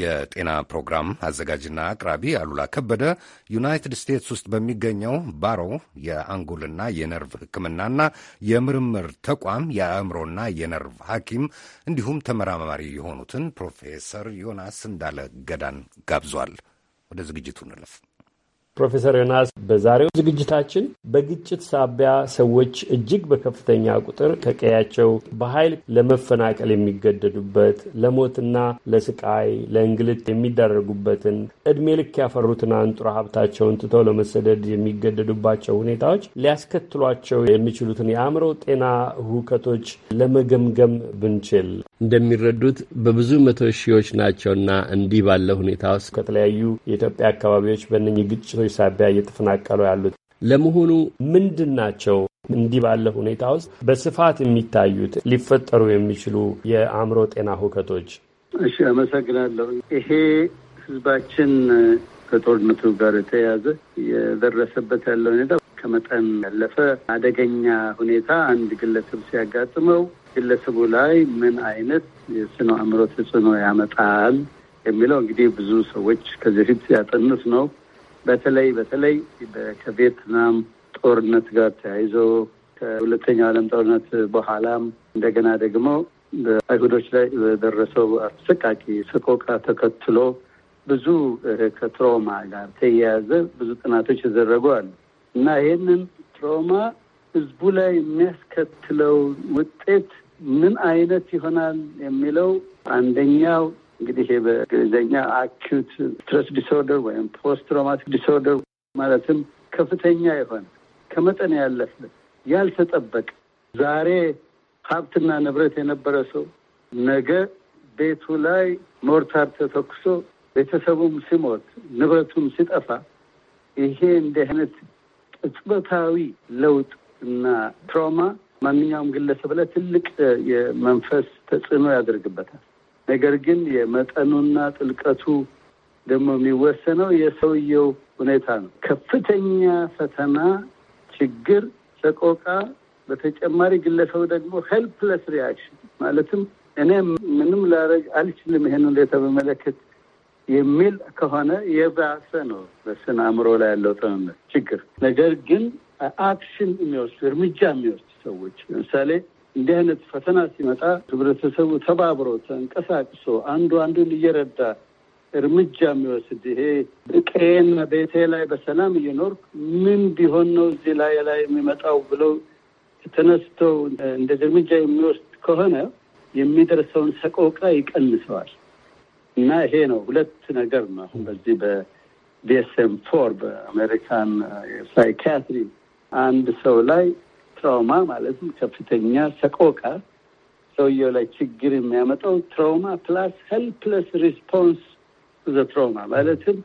የጤና ፕሮግራም አዘጋጅና አቅራቢ አሉላ ከበደ ዩናይትድ ስቴትስ ውስጥ በሚገኘው ባሮ የአንጎልና የነርቭ ሕክምናና የምርምር ተቋም የአእምሮና የነርቭ ሐኪም እንዲሁም ተመራማሪ የሆኑትን ፕሮፌሰር ዮናስ እንዳለ ገዳን ጋብዟል። ወደ ዝግጅቱ እንለፍ። ፕሮፌሰር ዮናስ በዛሬው ዝግጅታችን በግጭት ሳቢያ ሰዎች እጅግ በከፍተኛ ቁጥር ከቀያቸው በኃይል ለመፈናቀል የሚገደዱበት ለሞትና ለስቃይ ለእንግልት የሚዳረጉበትን እድሜ ልክ ያፈሩትን አንጡረ ሀብታቸውን ትተው ለመሰደድ የሚገደዱባቸው ሁኔታዎች ሊያስከትሏቸው የሚችሉትን የአእምሮ ጤና ሁከቶች ለመገምገም ብንችል እንደሚረዱት በብዙ መቶ ሺዎች ናቸውና እንዲህ ባለ ሁኔታ ውስጥ ከተለያዩ የኢትዮጵያ አካባቢዎች በእነኝህ ግጭቶች በግጭቶች ሳቢያ እየተፈናቀሉ ያሉት ለመሆኑ ምንድን ናቸው? እንዲህ ባለ ሁኔታ ውስጥ በስፋት የሚታዩት ሊፈጠሩ የሚችሉ የአእምሮ ጤና ሁከቶች? እሺ፣ አመሰግናለሁ። ይሄ ህዝባችን ከጦርነቱ ጋር የተያያዘ የደረሰበት ያለው ሁኔታ ከመጠን ያለፈ አደገኛ ሁኔታ አንድ ግለሰብ ሲያጋጥመው ግለሰቡ ላይ ምን አይነት የስነ አእምሮ ተጽዕኖ ያመጣል የሚለው እንግዲህ ብዙ ሰዎች ከዚህ ፊት ያጠኑት ነው። በተለይ በተለይ ከቪየትናም ጦርነት ጋር ተያይዞ ከሁለተኛው ዓለም ጦርነት በኋላም እንደገና ደግሞ በአይሁዶች ላይ በደረሰው አሰቃቂ ሰቆቃ ተከትሎ ብዙ ከትሮማ ጋር ተያያዘ ብዙ ጥናቶች የዘረጉ አሉ እና ይህንን ትሮማ ህዝቡ ላይ የሚያስከትለው ውጤት ምን አይነት ይሆናል የሚለው አንደኛው እንግዲህ ይሄ በእንግሊዝኛ አኪዩት ስትረስ ዲስኦርደር ወይም ፖስት ትራውማቲክ ዲስኦርደር ማለትም ከፍተኛ የሆነ ከመጠን ያለፈ ያልተጠበቀ ዛሬ ሀብትና ንብረት የነበረ ሰው ነገ ቤቱ ላይ ሞርታር ተተኩሶ ቤተሰቡም ሲሞት ንብረቱም ሲጠፋ ይሄ እንዲህ አይነት ቅጽበታዊ ለውጥ እና ትራውማ ማንኛውም ግለሰብ ላይ ትልቅ የመንፈስ ተጽዕኖ ያደርግበታል። ነገር ግን የመጠኑና ጥልቀቱ ደግሞ የሚወሰነው የሰውየው ሁኔታ ነው። ከፍተኛ ፈተና፣ ችግር፣ ሰቆቃ በተጨማሪ ግለሰቡ ደግሞ ሄልፕለስ ሪያክሽን ማለትም እኔ ምንም ላረግ አልችልም ይሄን ሁኔታ በመለከት የሚል ከሆነ የባሰ ነው በስነ አእምሮ ላይ ያለው ጥምነት ችግር። ነገር ግን አክሽን የሚወስዱ እርምጃ የሚወስዱ ሰዎች ለምሳሌ እንዲህ አይነት ፈተና ሲመጣ ህብረተሰቡ ተባብሮ ተንቀሳቅሶ አንዱ አንዱን እየረዳ እርምጃ የሚወስድ ይሄ ቀዬና ቤቴ ላይ በሰላም እየኖር ምን ቢሆን ነው እዚህ ላይ ላይ የሚመጣው ብለው ተነስተው እንደ እርምጃ የሚወስድ ከሆነ የሚደርሰውን ሰቆቃ ይቀንሰዋል። እና ይሄ ነው ሁለት ነገር ነው። በዚህ በዲኤስኤም ፎር በአሜሪካን ሳይካትሪ አንድ ሰው ላይ ትራውማ ማለትም ከፍተኛ ሰቆቃ ሰውየው ላይ ችግር የሚያመጣው ትራውማ ፕላስ ሄልፕለስ ሪስፖንስ ዘ ትራውማ ማለትም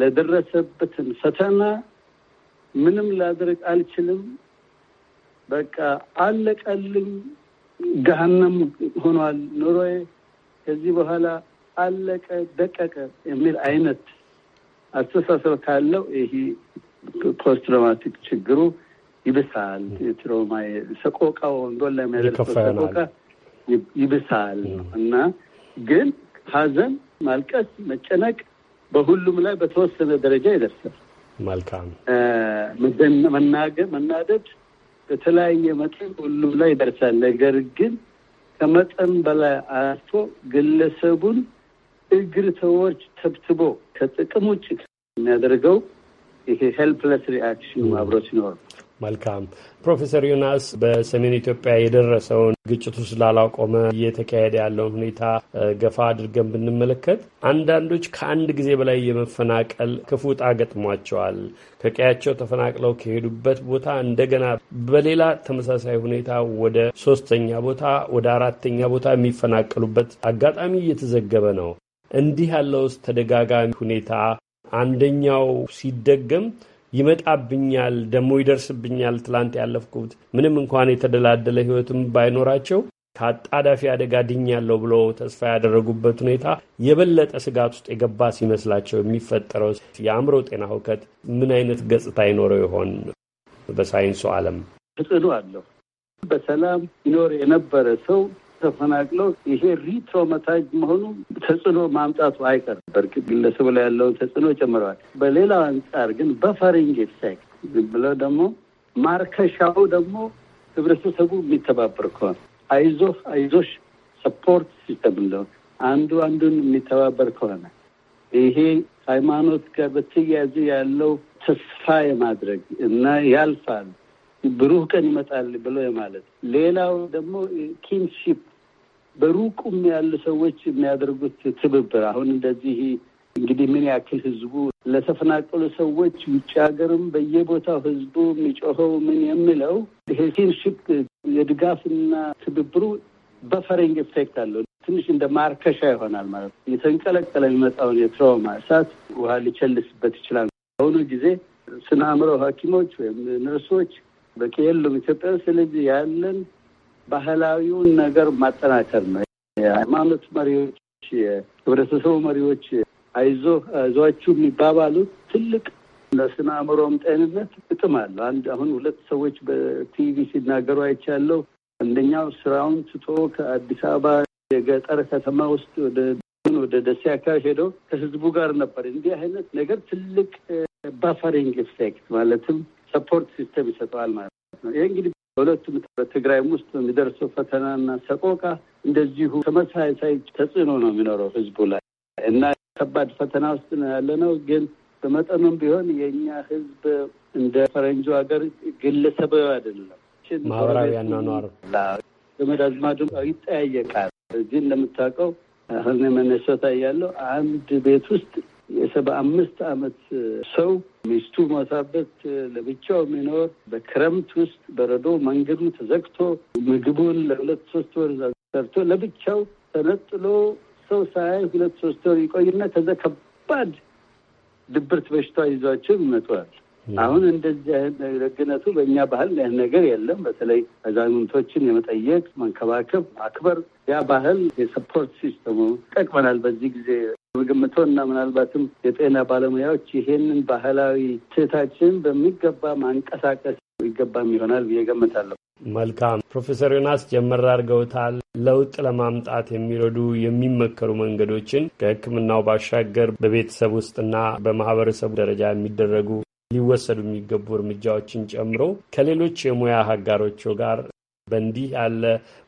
ለደረሰበትን ፈተና ምንም ላድረግ አልችልም፣ በቃ አለቀልኝ፣ ገሀነም ሆኗል ኑሮዬ፣ ከዚህ በኋላ አለቀ ደቀቀ የሚል አይነት አስተሳሰብ ካለው ይሄ ፖስት ችግሩ ይብሳል። ትሮማ ሰቆቃ እንዶላ የሚያደርሰው ሰቆቃ ይብሳል እና ግን ሀዘን፣ ማልቀስ፣ መጨነቅ በሁሉም ላይ በተወሰነ ደረጃ ይደርሳል። መልካም መናገር፣ መናደድ በተለያየ መጠን ሁሉም ላይ ይደርሳል። ነገር ግን ከመጠን በላይ አልፎ ግለሰቡን እግር ሰዎች ተብትቦ ከጥቅም ውጭ የሚያደርገው ይሄ ሄልፕለስ ሪአክሽን አብሮ ሲኖር መልካም ፕሮፌሰር ዮናስ በሰሜን ኢትዮጵያ የደረሰውን ግጭቱ ስላላቆመ እየተካሄደ ያለውን ሁኔታ ገፋ አድርገን ብንመለከት አንዳንዶች ከአንድ ጊዜ በላይ የመፈናቀል ክፉ ዕጣ ገጥሟቸዋል። ከቀያቸው ተፈናቅለው ከሄዱበት ቦታ እንደገና በሌላ ተመሳሳይ ሁኔታ ወደ ሶስተኛ ቦታ ወደ አራተኛ ቦታ የሚፈናቀሉበት አጋጣሚ እየተዘገበ ነው። እንዲህ ያለውስ ተደጋጋሚ ሁኔታ አንደኛው ሲደገም ይመጣብኛል፣ ደግሞ ይደርስብኛል፣ ትላንት ያለፍኩት ምንም እንኳን የተደላደለ ህይወትም ባይኖራቸው ከአጣዳፊ አደጋ ድኛለሁ ብሎ ተስፋ ያደረጉበት ሁኔታ የበለጠ ስጋት ውስጥ የገባ ሲመስላቸው የሚፈጠረው የአእምሮ ጤና ሁከት ምን አይነት ገጽታ ይኖረው ይሆን? በሳይንሱ ዓለም ተጽዕኖ አለው። በሰላም ይኖር የነበረ ሰው ተፈናቅለው ይሄ ሪትሮማታይዝ መሆኑ ተጽዕኖ ማምጣቱ አይቀርም። በእርግጥ ግለሰቡ ላይ ያለውን ተጽዕኖ ጨምረዋል። በሌላው አንጻር ግን በፈረንጅ ሳይክ ዝም ብለው ደግሞ ማርከሻው ደግሞ ህብረተሰቡ የሚተባበር ከሆነ አይዞ አይዞሽ ሰፖርት ሲስተም ለው አንዱ አንዱን የሚተባበር ከሆነ ይሄ ሃይማኖት ጋር በተያያዘ ያለው ተስፋ የማድረግ እና ያልፋል ብሩህ ቀን ይመጣል ብሎ ማለት ሌላው ደግሞ ኪንሺፕ በሩቁም ያሉ ሰዎች የሚያደርጉት ትብብር አሁን እንደዚህ እንግዲህ ምን ያክል ህዝቡ ለተፈናቀሉ ሰዎች ውጭ ሀገርም በየቦታው ህዝቡ የሚጮኸው ምን የሚለው ይሄ የድጋፍና ትብብሩ በፈረንግ ኤፌክት አለው። ትንሽ እንደ ማርከሻ ይሆናል ማለት ነው። የተንቀለቀለ የሚመጣውን የትራውማ እሳት ውሃ ሊቸልስበት ይችላል። በአሁኑ ጊዜ ስነ አእምሮ ሐኪሞች ወይም ነርሶች በቂ የሉም ኢትዮጵያ። ስለዚህ ያለን ባህላዊውን ነገር ማጠናከር ነው። የሃይማኖት መሪዎች፣ የህብረተሰቡ መሪዎች አይዞ አይዟችሁ የሚባባሉት ትልቅ ለስነ አእምሮም ጤንነት ጥቅም አለው። አንድ አሁን ሁለት ሰዎች በቲቪ ሲናገሩ አይቻለሁ። አንደኛው ስራውን ትቶ ከአዲስ አበባ የገጠር ከተማ ውስጥ ወደ ደሴ አካባቢ ሄዶ ከህዝቡ ጋር ነበር። እንዲህ አይነት ነገር ትልቅ ባፈሪንግ ኢፌክት ማለትም ሰፖርት ሲስተም ይሰጠዋል ማለት ነው። ይህ እንግዲህ በሁለቱም በትግራይም ውስጥ የሚደርሰው ፈተናና ሰቆቃ እንደዚሁ ተመሳሳይ ተጽዕኖ ነው የሚኖረው ህዝቡ ላይ እና ከባድ ፈተና ውስጥ ነው ያለ ነው። ግን በመጠኑም ቢሆን የእኛ ህዝብ እንደ ፈረንጁ ሀገር ግለሰባዊ አይደለም። ማህበራዊ አኗኗር ዘመድ አዝማዱ ይጠያየቃል። እዚህ እንደምታውቀው አሁን መነሶታ እያለው አንድ ቤት ውስጥ የሰባ አምስት አመት ሰው ሚስቱ ሞታበት ለብቻው የሚኖር በክረምት ውስጥ በረዶ መንገዱ ተዘግቶ ምግቡን ለሁለት ሶስት ወር ሰርቶ ለብቻው ተነጥሎ ሰው ሳያይ ሁለት ሶስት ወር ይቆይና ከዛ ከባድ ድብርት በሽታ ይዟቸው ይመጠዋል። አሁን እንደዚህ አይነት ደግነቱ በእኛ ባህል ይህ ነገር የለም። በተለይ አዛውንቶችን የመጠየቅ መንከባከብ፣ ማክበር ያ ባህል የሰፖርት ሲስተሙ ጠቅመናል በዚህ ጊዜ በግምቶ እና ምናልባትም የጤና ባለሙያዎች ይሄንን ባህላዊ ትዕታችን በሚገባ ማንቀሳቀስ ይገባም ይሆናል ብዬ ገምታለሁ። መልካም ፕሮፌሰር ዮናስ ጀመር አድርገውታል። ለውጥ ለማምጣት የሚረዱ የሚመከሩ መንገዶችን ከሕክምናው ባሻገር በቤተሰብ ውስጥና በማህበረሰቡ ደረጃ የሚደረጉ ሊወሰዱ የሚገቡ እርምጃዎችን ጨምሮ ከሌሎች የሙያ ሀጋሮቹ ጋር በእንዲህ ያለ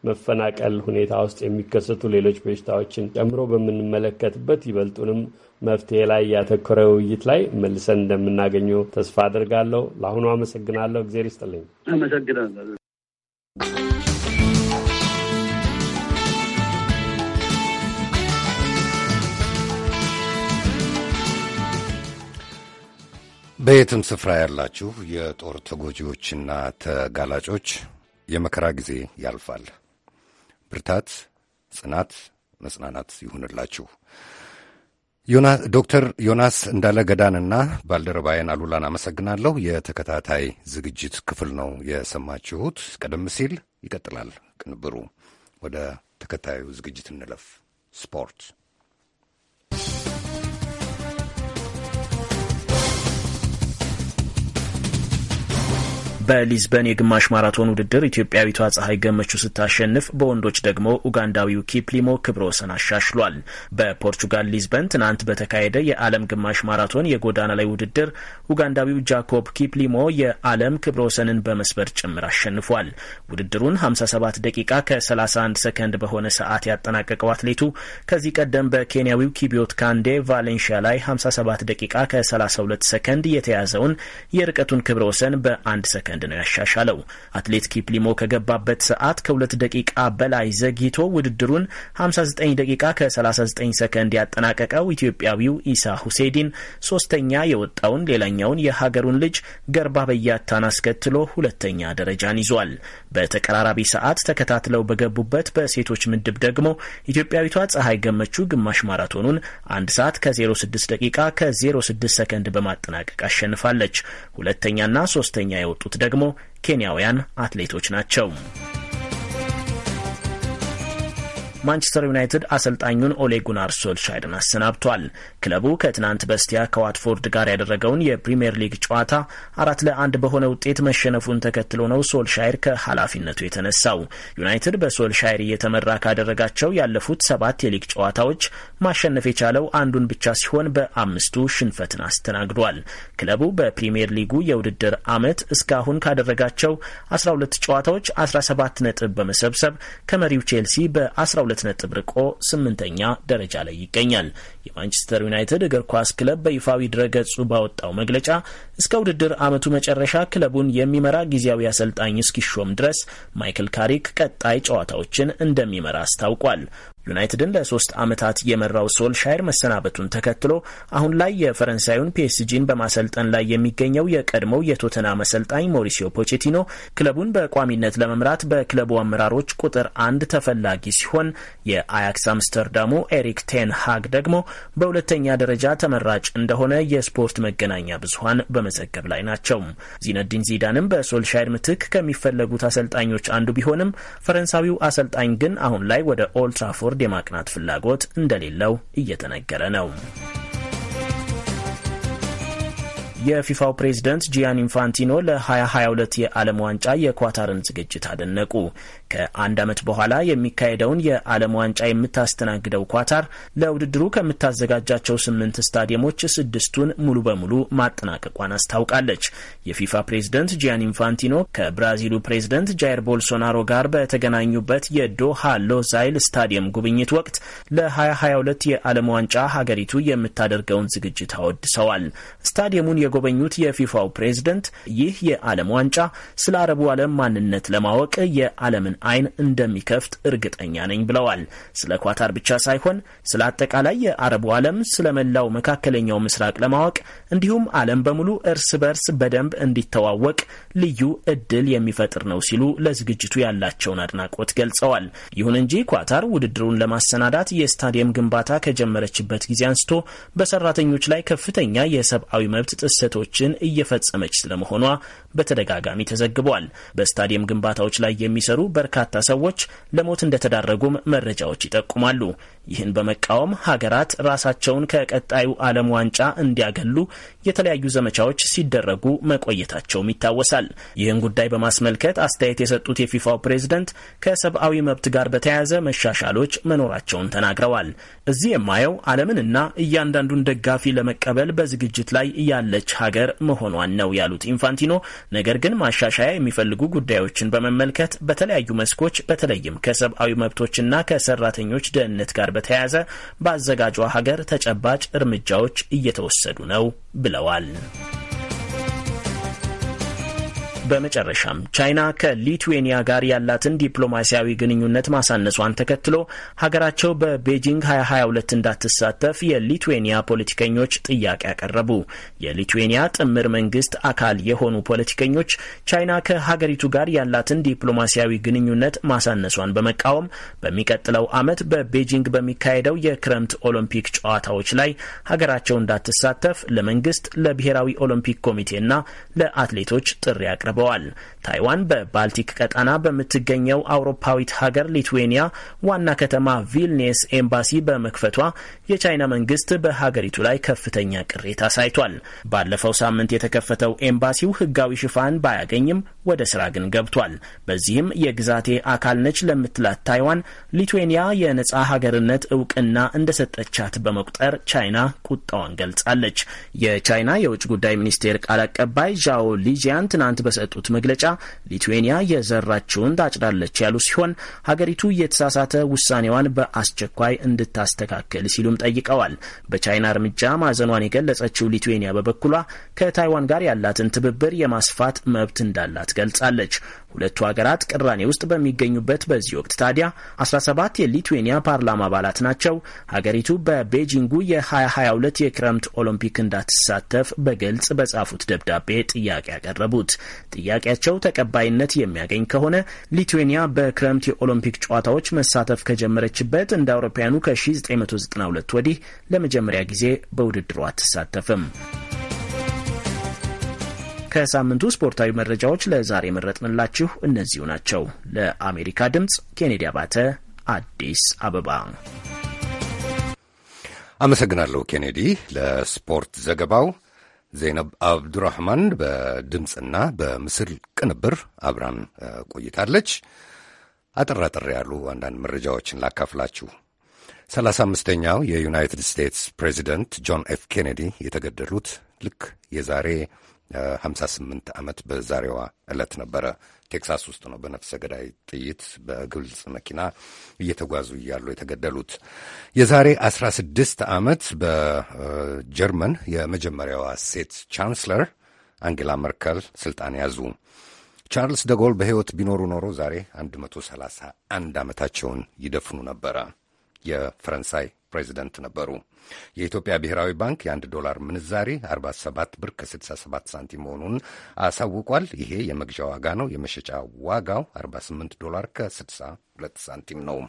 መፈናቀል ሁኔታ ውስጥ የሚከሰቱ ሌሎች በሽታዎችን ጨምሮ በምንመለከትበት ይበልጡንም መፍትሄ ላይ ያተኮረ ውይይት ላይ መልሰን እንደምናገኘው ተስፋ አድርጋለሁ። ለአሁኑ አመሰግናለሁ። እግዜር ይስጥልኝ። አመሰግናለሁ። በየትም ስፍራ ያላችሁ የጦር ተጎጂዎችና ተጋላጮች የመከራ ጊዜ ያልፋል። ብርታት፣ ጽናት፣ መጽናናት ይሁንላችሁ። ዶክተር ዮናስ እንዳለ ገዳንና ባልደረባዬን አሉላን አመሰግናለሁ። የተከታታይ ዝግጅት ክፍል ነው የሰማችሁት። ቀደም ሲል ይቀጥላል ቅንብሩ። ወደ ተከታዩ ዝግጅት እንለፍ። ስፖርት በሊዝበን የግማሽ ማራቶን ውድድር ኢትዮጵያዊቷ ፀሐይ ገመቹ ስታሸንፍ በወንዶች ደግሞ ኡጋንዳዊው ኪፕሊሞ ክብረ ወሰን አሻሽሏል። በፖርቹጋል ሊዝበን ትናንት በተካሄደ የዓለም ግማሽ ማራቶን የጎዳና ላይ ውድድር ኡጋንዳዊው ጃኮብ ኪፕሊሞ የዓለም ክብረ ወሰንን በመስበር ጭምር አሸንፏል። ውድድሩን 57 ደቂቃ ከ31 ሰከንድ በሆነ ሰዓት ያጠናቀቀው አትሌቱ ከዚህ ቀደም በኬንያዊው ኪቢዮት ካንዴ ቫሌንሽያ ላይ 57 ደቂቃ ከ32 ሰከንድ የተያዘውን የርቀቱን ክብረ ወሰን በአንድ ሰከንድ ሰከንድ ነው ያሻሻለው። አትሌት ኪፕሊሞ ከገባበት ሰዓት ከሁለት ደቂቃ በላይ ዘግይቶ ውድድሩን 59 ደቂቃ ከ39 ሰከንድ ያጠናቀቀው ኢትዮጵያዊው ኢሳ ሁሴዲን ሶስተኛ የወጣውን ሌላኛውን የሀገሩን ልጅ ገርባ በያታን አስከትሎ ሁለተኛ ደረጃን ይዟል። በተቀራራቢ ሰዓት ተከታትለው በገቡበት በሴቶች ምድብ ደግሞ ኢትዮጵያዊቷ ፀሐይ ገመቹ ግማሽ ማራቶኑን አንድ ሰዓት ከ06 ደቂቃ ከ06 ሰከንድ በማጠናቀቅ አሸንፋለች። ሁለተኛና ሶስተኛ የወጡት ደግሞ ኬንያውያን አትሌቶች ናቸው። ማንቸስተር ዩናይትድ አሰልጣኙን ኦሌ ጉናር ሶልሻይድን አሰናብቷል። ክለቡ ከትናንት በስቲያ ከዋትፎርድ ጋር ያደረገውን የፕሪምየር ሊግ ጨዋታ አራት ለአንድ በሆነ ውጤት መሸነፉን ተከትሎ ነው ሶልሻይር ከኃላፊነቱ የተነሳው። ዩናይትድ በሶልሻይር እየተመራ ካደረጋቸው ያለፉት ሰባት የሊግ ጨዋታዎች ማሸነፍ የቻለው አንዱን ብቻ ሲሆን በአምስቱ ሽንፈትን አስተናግዷል። ክለቡ በፕሪምየር ሊጉ የውድድር ዓመት እስካሁን ካደረጋቸው 12 ጨዋታዎች 17 ነጥብ በመሰብሰብ ከመሪው ቼልሲ በ12 በሁለት ነጥብ ርቆ ስምንተኛ ደረጃ ላይ ይገኛል። የማንቸስተር ዩናይትድ እግር ኳስ ክለብ በይፋዊ ድረገጹ ባወጣው መግለጫ እስከ ውድድር ዓመቱ መጨረሻ ክለቡን የሚመራ ጊዜያዊ አሰልጣኝ እስኪሾም ድረስ ማይክል ካሪክ ቀጣይ ጨዋታዎችን እንደሚመራ አስታውቋል። ዩናይትድን ለሶስት ዓመታት የመራው ሶልሻየር መሰናበቱን ተከትሎ አሁን ላይ የፈረንሳዩን ፒኤስጂን በማሰልጠን ላይ የሚገኘው የቀድሞው የቶተና አሰልጣኝ ሞሪሲዮ ፖቼቲኖ ክለቡን በቋሚነት ለመምራት በክለቡ አመራሮች ቁጥር አንድ ተፈላጊ ሲሆን የአያክስ አምስተርዳሙ ኤሪክ ቴን ሃግ ደግሞ በሁለተኛ ደረጃ ተመራጭ እንደሆነ የስፖርት መገናኛ ብዙሀን በመዘገብ ላይ ናቸው። ዚነዲን ዚዳንም በሶልሻየር ምትክ ከሚፈለጉት አሰልጣኞች አንዱ ቢሆንም ፈረንሳዊው አሰልጣኝ ግን አሁን ላይ ወደ ኦልትራፎርድ ቦርድ የማቅናት ፍላጎት እንደሌለው እየተነገረ ነው። የፊፋው ፕሬዝደንት ጂያን ኢንፋንቲኖ ለ2022 የዓለም ዋንጫ የኳታርን ዝግጅት አደነቁ። ከአንድ ዓመት በኋላ የሚካሄደውን የዓለም ዋንጫ የምታስተናግደው ኳታር ለውድድሩ ከምታዘጋጃቸው ስምንት ስታዲየሞች ስድስቱን ሙሉ በሙሉ ማጠናቀቋን አስታውቃለች። የፊፋ ፕሬዝደንት ጂያን ኢንፋንቲኖ ከብራዚሉ ፕሬዝደንት ጃይር ቦልሶናሮ ጋር በተገናኙበት የዶሃ ሎዛይል ስታዲየም ጉብኝት ወቅት ለ2022 የዓለም ዋንጫ ሀገሪቱ የምታደርገውን ዝግጅት አወድሰዋል። ስታዲየሙን የጎበኙት የፊፋው ፕሬዝደንት ይህ የዓለም ዋንጫ ስለ አረቡ ዓለም ማንነት ለማወቅ የዓለምን አይን እንደሚከፍት እርግጠኛ ነኝ ብለዋል። ስለ ኳታር ብቻ ሳይሆን ስለ አጠቃላይ የአረቡ ዓለም፣ ስለ መላው መካከለኛው ምስራቅ ለማወቅ እንዲሁም ዓለም በሙሉ እርስ በርስ በደንብ እንዲተዋወቅ ልዩ እድል የሚፈጥር ነው ሲሉ ለዝግጅቱ ያላቸውን አድናቆት ገልጸዋል። ይሁን እንጂ ኳታር ውድድሩን ለማሰናዳት የስታዲየም ግንባታ ከጀመረችበት ጊዜ አንስቶ በሰራተኞች ላይ ከፍተኛ የሰብአዊ መብት ጥሰቶችን እየፈጸመች ስለመሆኗ በተደጋጋሚ ተዘግቧል። በስታዲየም ግንባታዎች ላይ የሚሰሩ በር በርካታ ሰዎች ለሞት እንደተዳረጉም መረጃዎች ይጠቁማሉ። ይህን በመቃወም ሀገራት ራሳቸውን ከቀጣዩ ዓለም ዋንጫ እንዲያገሉ የተለያዩ ዘመቻዎች ሲደረጉ መቆየታቸውም ይታወሳል። ይህን ጉዳይ በማስመልከት አስተያየት የሰጡት የፊፋው ፕሬዝደንት ከሰብአዊ መብት ጋር በተያያዘ መሻሻሎች መኖራቸውን ተናግረዋል። እዚህ የማየው ዓለምንና እያንዳንዱን ደጋፊ ለመቀበል በዝግጅት ላይ ያለች ሀገር መሆኗን ነው ያሉት ኢንፋንቲኖ፣ ነገር ግን ማሻሻያ የሚፈልጉ ጉዳዮችን በመመልከት በተለያዩ መስኮች በተለይም ከሰብአዊ መብቶችና ከሰራተኞች ደህንነት ጋር በተያያዘ በአዘጋጇ ሀገር ተጨባጭ እርምጃዎች እየተወሰዱ ነው ብለዋል። በመጨረሻም ቻይና ከሊቱዌኒያ ጋር ያላትን ዲፕሎማሲያዊ ግንኙነት ማሳነሷን ተከትሎ ሀገራቸው በቤጂንግ 2022 እንዳትሳተፍ የሊቱዌኒያ ፖለቲከኞች ጥያቄ አቀረቡ። የሊቱዌኒያ ጥምር መንግስት አካል የሆኑ ፖለቲከኞች ቻይና ከሀገሪቱ ጋር ያላትን ዲፕሎማሲያዊ ግንኙነት ማሳነሷን በመቃወም በሚቀጥለው ዓመት በቤጂንግ በሚካሄደው የክረምት ኦሎምፒክ ጨዋታዎች ላይ ሀገራቸው እንዳትሳተፍ ለመንግስት፣ ለብሔራዊ ኦሎምፒክ ኮሚቴና ለአትሌቶች ጥሪ አቅርበዋል። ቀርበዋል። ታይዋን በባልቲክ ቀጣና በምትገኘው አውሮፓዊት ሀገር ሊትዌኒያ ዋና ከተማ ቪልኔስ ኤምባሲ በመክፈቷ የቻይና መንግስት በሀገሪቱ ላይ ከፍተኛ ቅሬታ አሳይቷል። ባለፈው ሳምንት የተከፈተው ኤምባሲው ህጋዊ ሽፋን ባያገኝም ወደ ስራ ግን ገብቷል። በዚህም የግዛቴ አካል ነች ለምትላት ታይዋን ሊትዌኒያ የነጻ ሀገርነት እውቅና እንደሰጠቻት በመቁጠር ቻይና ቁጣዋን ገልጻለች። የቻይና የውጭ ጉዳይ ሚኒስቴር ቃል አቀባይ ዣኦ ሊጂያን ትናንት በሰ በሰጡት መግለጫ ሊትዌኒያ የዘራችውን ታጭዳለች ያሉ ሲሆን ሀገሪቱ የተሳሳተ ውሳኔዋን በአስቸኳይ እንድታስተካከል ሲሉም ጠይቀዋል። በቻይና እርምጃ ማዘኗን የገለጸችው ሊትዌኒያ በበኩሏ ከታይዋን ጋር ያላትን ትብብር የማስፋት መብት እንዳላት ገልጻለች። ሁለቱ ሀገራት ቅራኔ ውስጥ በሚገኙበት በዚህ ወቅት ታዲያ 17 የሊትዌኒያ ፓርላማ አባላት ናቸው ሀገሪቱ በቤጂንጉ የ2022 የክረምት ኦሎምፒክ እንዳትሳተፍ በግልጽ በጻፉት ደብዳቤ ጥያቄ ያቀረቡት። ጥያቄያቸው ተቀባይነት የሚያገኝ ከሆነ ሊትዌኒያ በክረምት የኦሎምፒክ ጨዋታዎች መሳተፍ ከጀመረችበት እንደ አውሮፓውያኑ ከ1992 ወዲህ ለመጀመሪያ ጊዜ በውድድሩ አትሳተፍም። ከሳምንቱ ስፖርታዊ መረጃዎች ለዛሬ የመረጥንላችሁ እነዚሁ ናቸው። ለአሜሪካ ድምፅ ኬኔዲ አባተ፣ አዲስ አበባ። አመሰግናለሁ ኬኔዲ ለስፖርት ዘገባው። ዘይነብ አብዱራህማን በድምፅና በምስል ቅንብር አብራን ቆይታለች። አጠር አጠር ያሉ አንዳንድ መረጃዎችን ላካፍላችሁ። ሰላሳ አምስተኛው የዩናይትድ ስቴትስ ፕሬዚደንት ጆን ኤፍ ኬኔዲ የተገደሉት ልክ የዛሬ ሀምሳ ስምንት ዓመት በዛሬዋ ዕለት ነበረ። ቴክሳስ ውስጥ ነው በነፍሰ ገዳይ ጥይት በግልጽ መኪና እየተጓዙ እያሉ የተገደሉት። የዛሬ 16 ዓመት በጀርመን የመጀመሪያዋ ሴት ቻንስለር አንጌላ መርከል ስልጣን ያዙ። ቻርልስ ደጎል በሕይወት ቢኖሩ ኖሮ ዛሬ 131 ዓመታቸውን ይደፍኑ ነበረ። የፈረንሳይ ፕሬዚደንት ነበሩ። የኢትዮጵያ ብሔራዊ ባንክ የአንድ ዶላር ምንዛሬ 47 ብር ከ67 ሳንቲም መሆኑን አሳውቋል። ይሄ የመግዣ ዋጋ ነው። የመሸጫ ዋጋው 48 ዶላር ከ62 ሳንቲም ነው።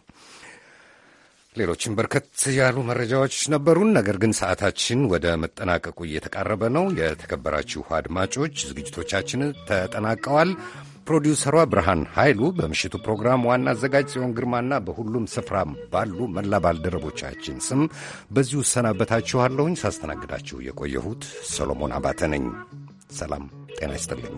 ሌሎችም በርከት ያሉ መረጃዎች ነበሩን። ነገር ግን ሰዓታችን ወደ መጠናቀቁ እየተቃረበ ነው። የተከበራችሁ አድማጮች ዝግጅቶቻችን ተጠናቀዋል። ፕሮዲውሰሯ ብርሃን ኃይሉ፣ በምሽቱ ፕሮግራም ዋና አዘጋጅ ጽዮን ግርማና በሁሉም ስፍራ ባሉ መላ ባልደረቦቻችን ስም በዚሁ እሰናበታችኋለሁኝ። ሳስተናግዳችሁ የቆየሁት ሰሎሞን አባተ ነኝ። ሰላም ጤና ይስጥልኝ።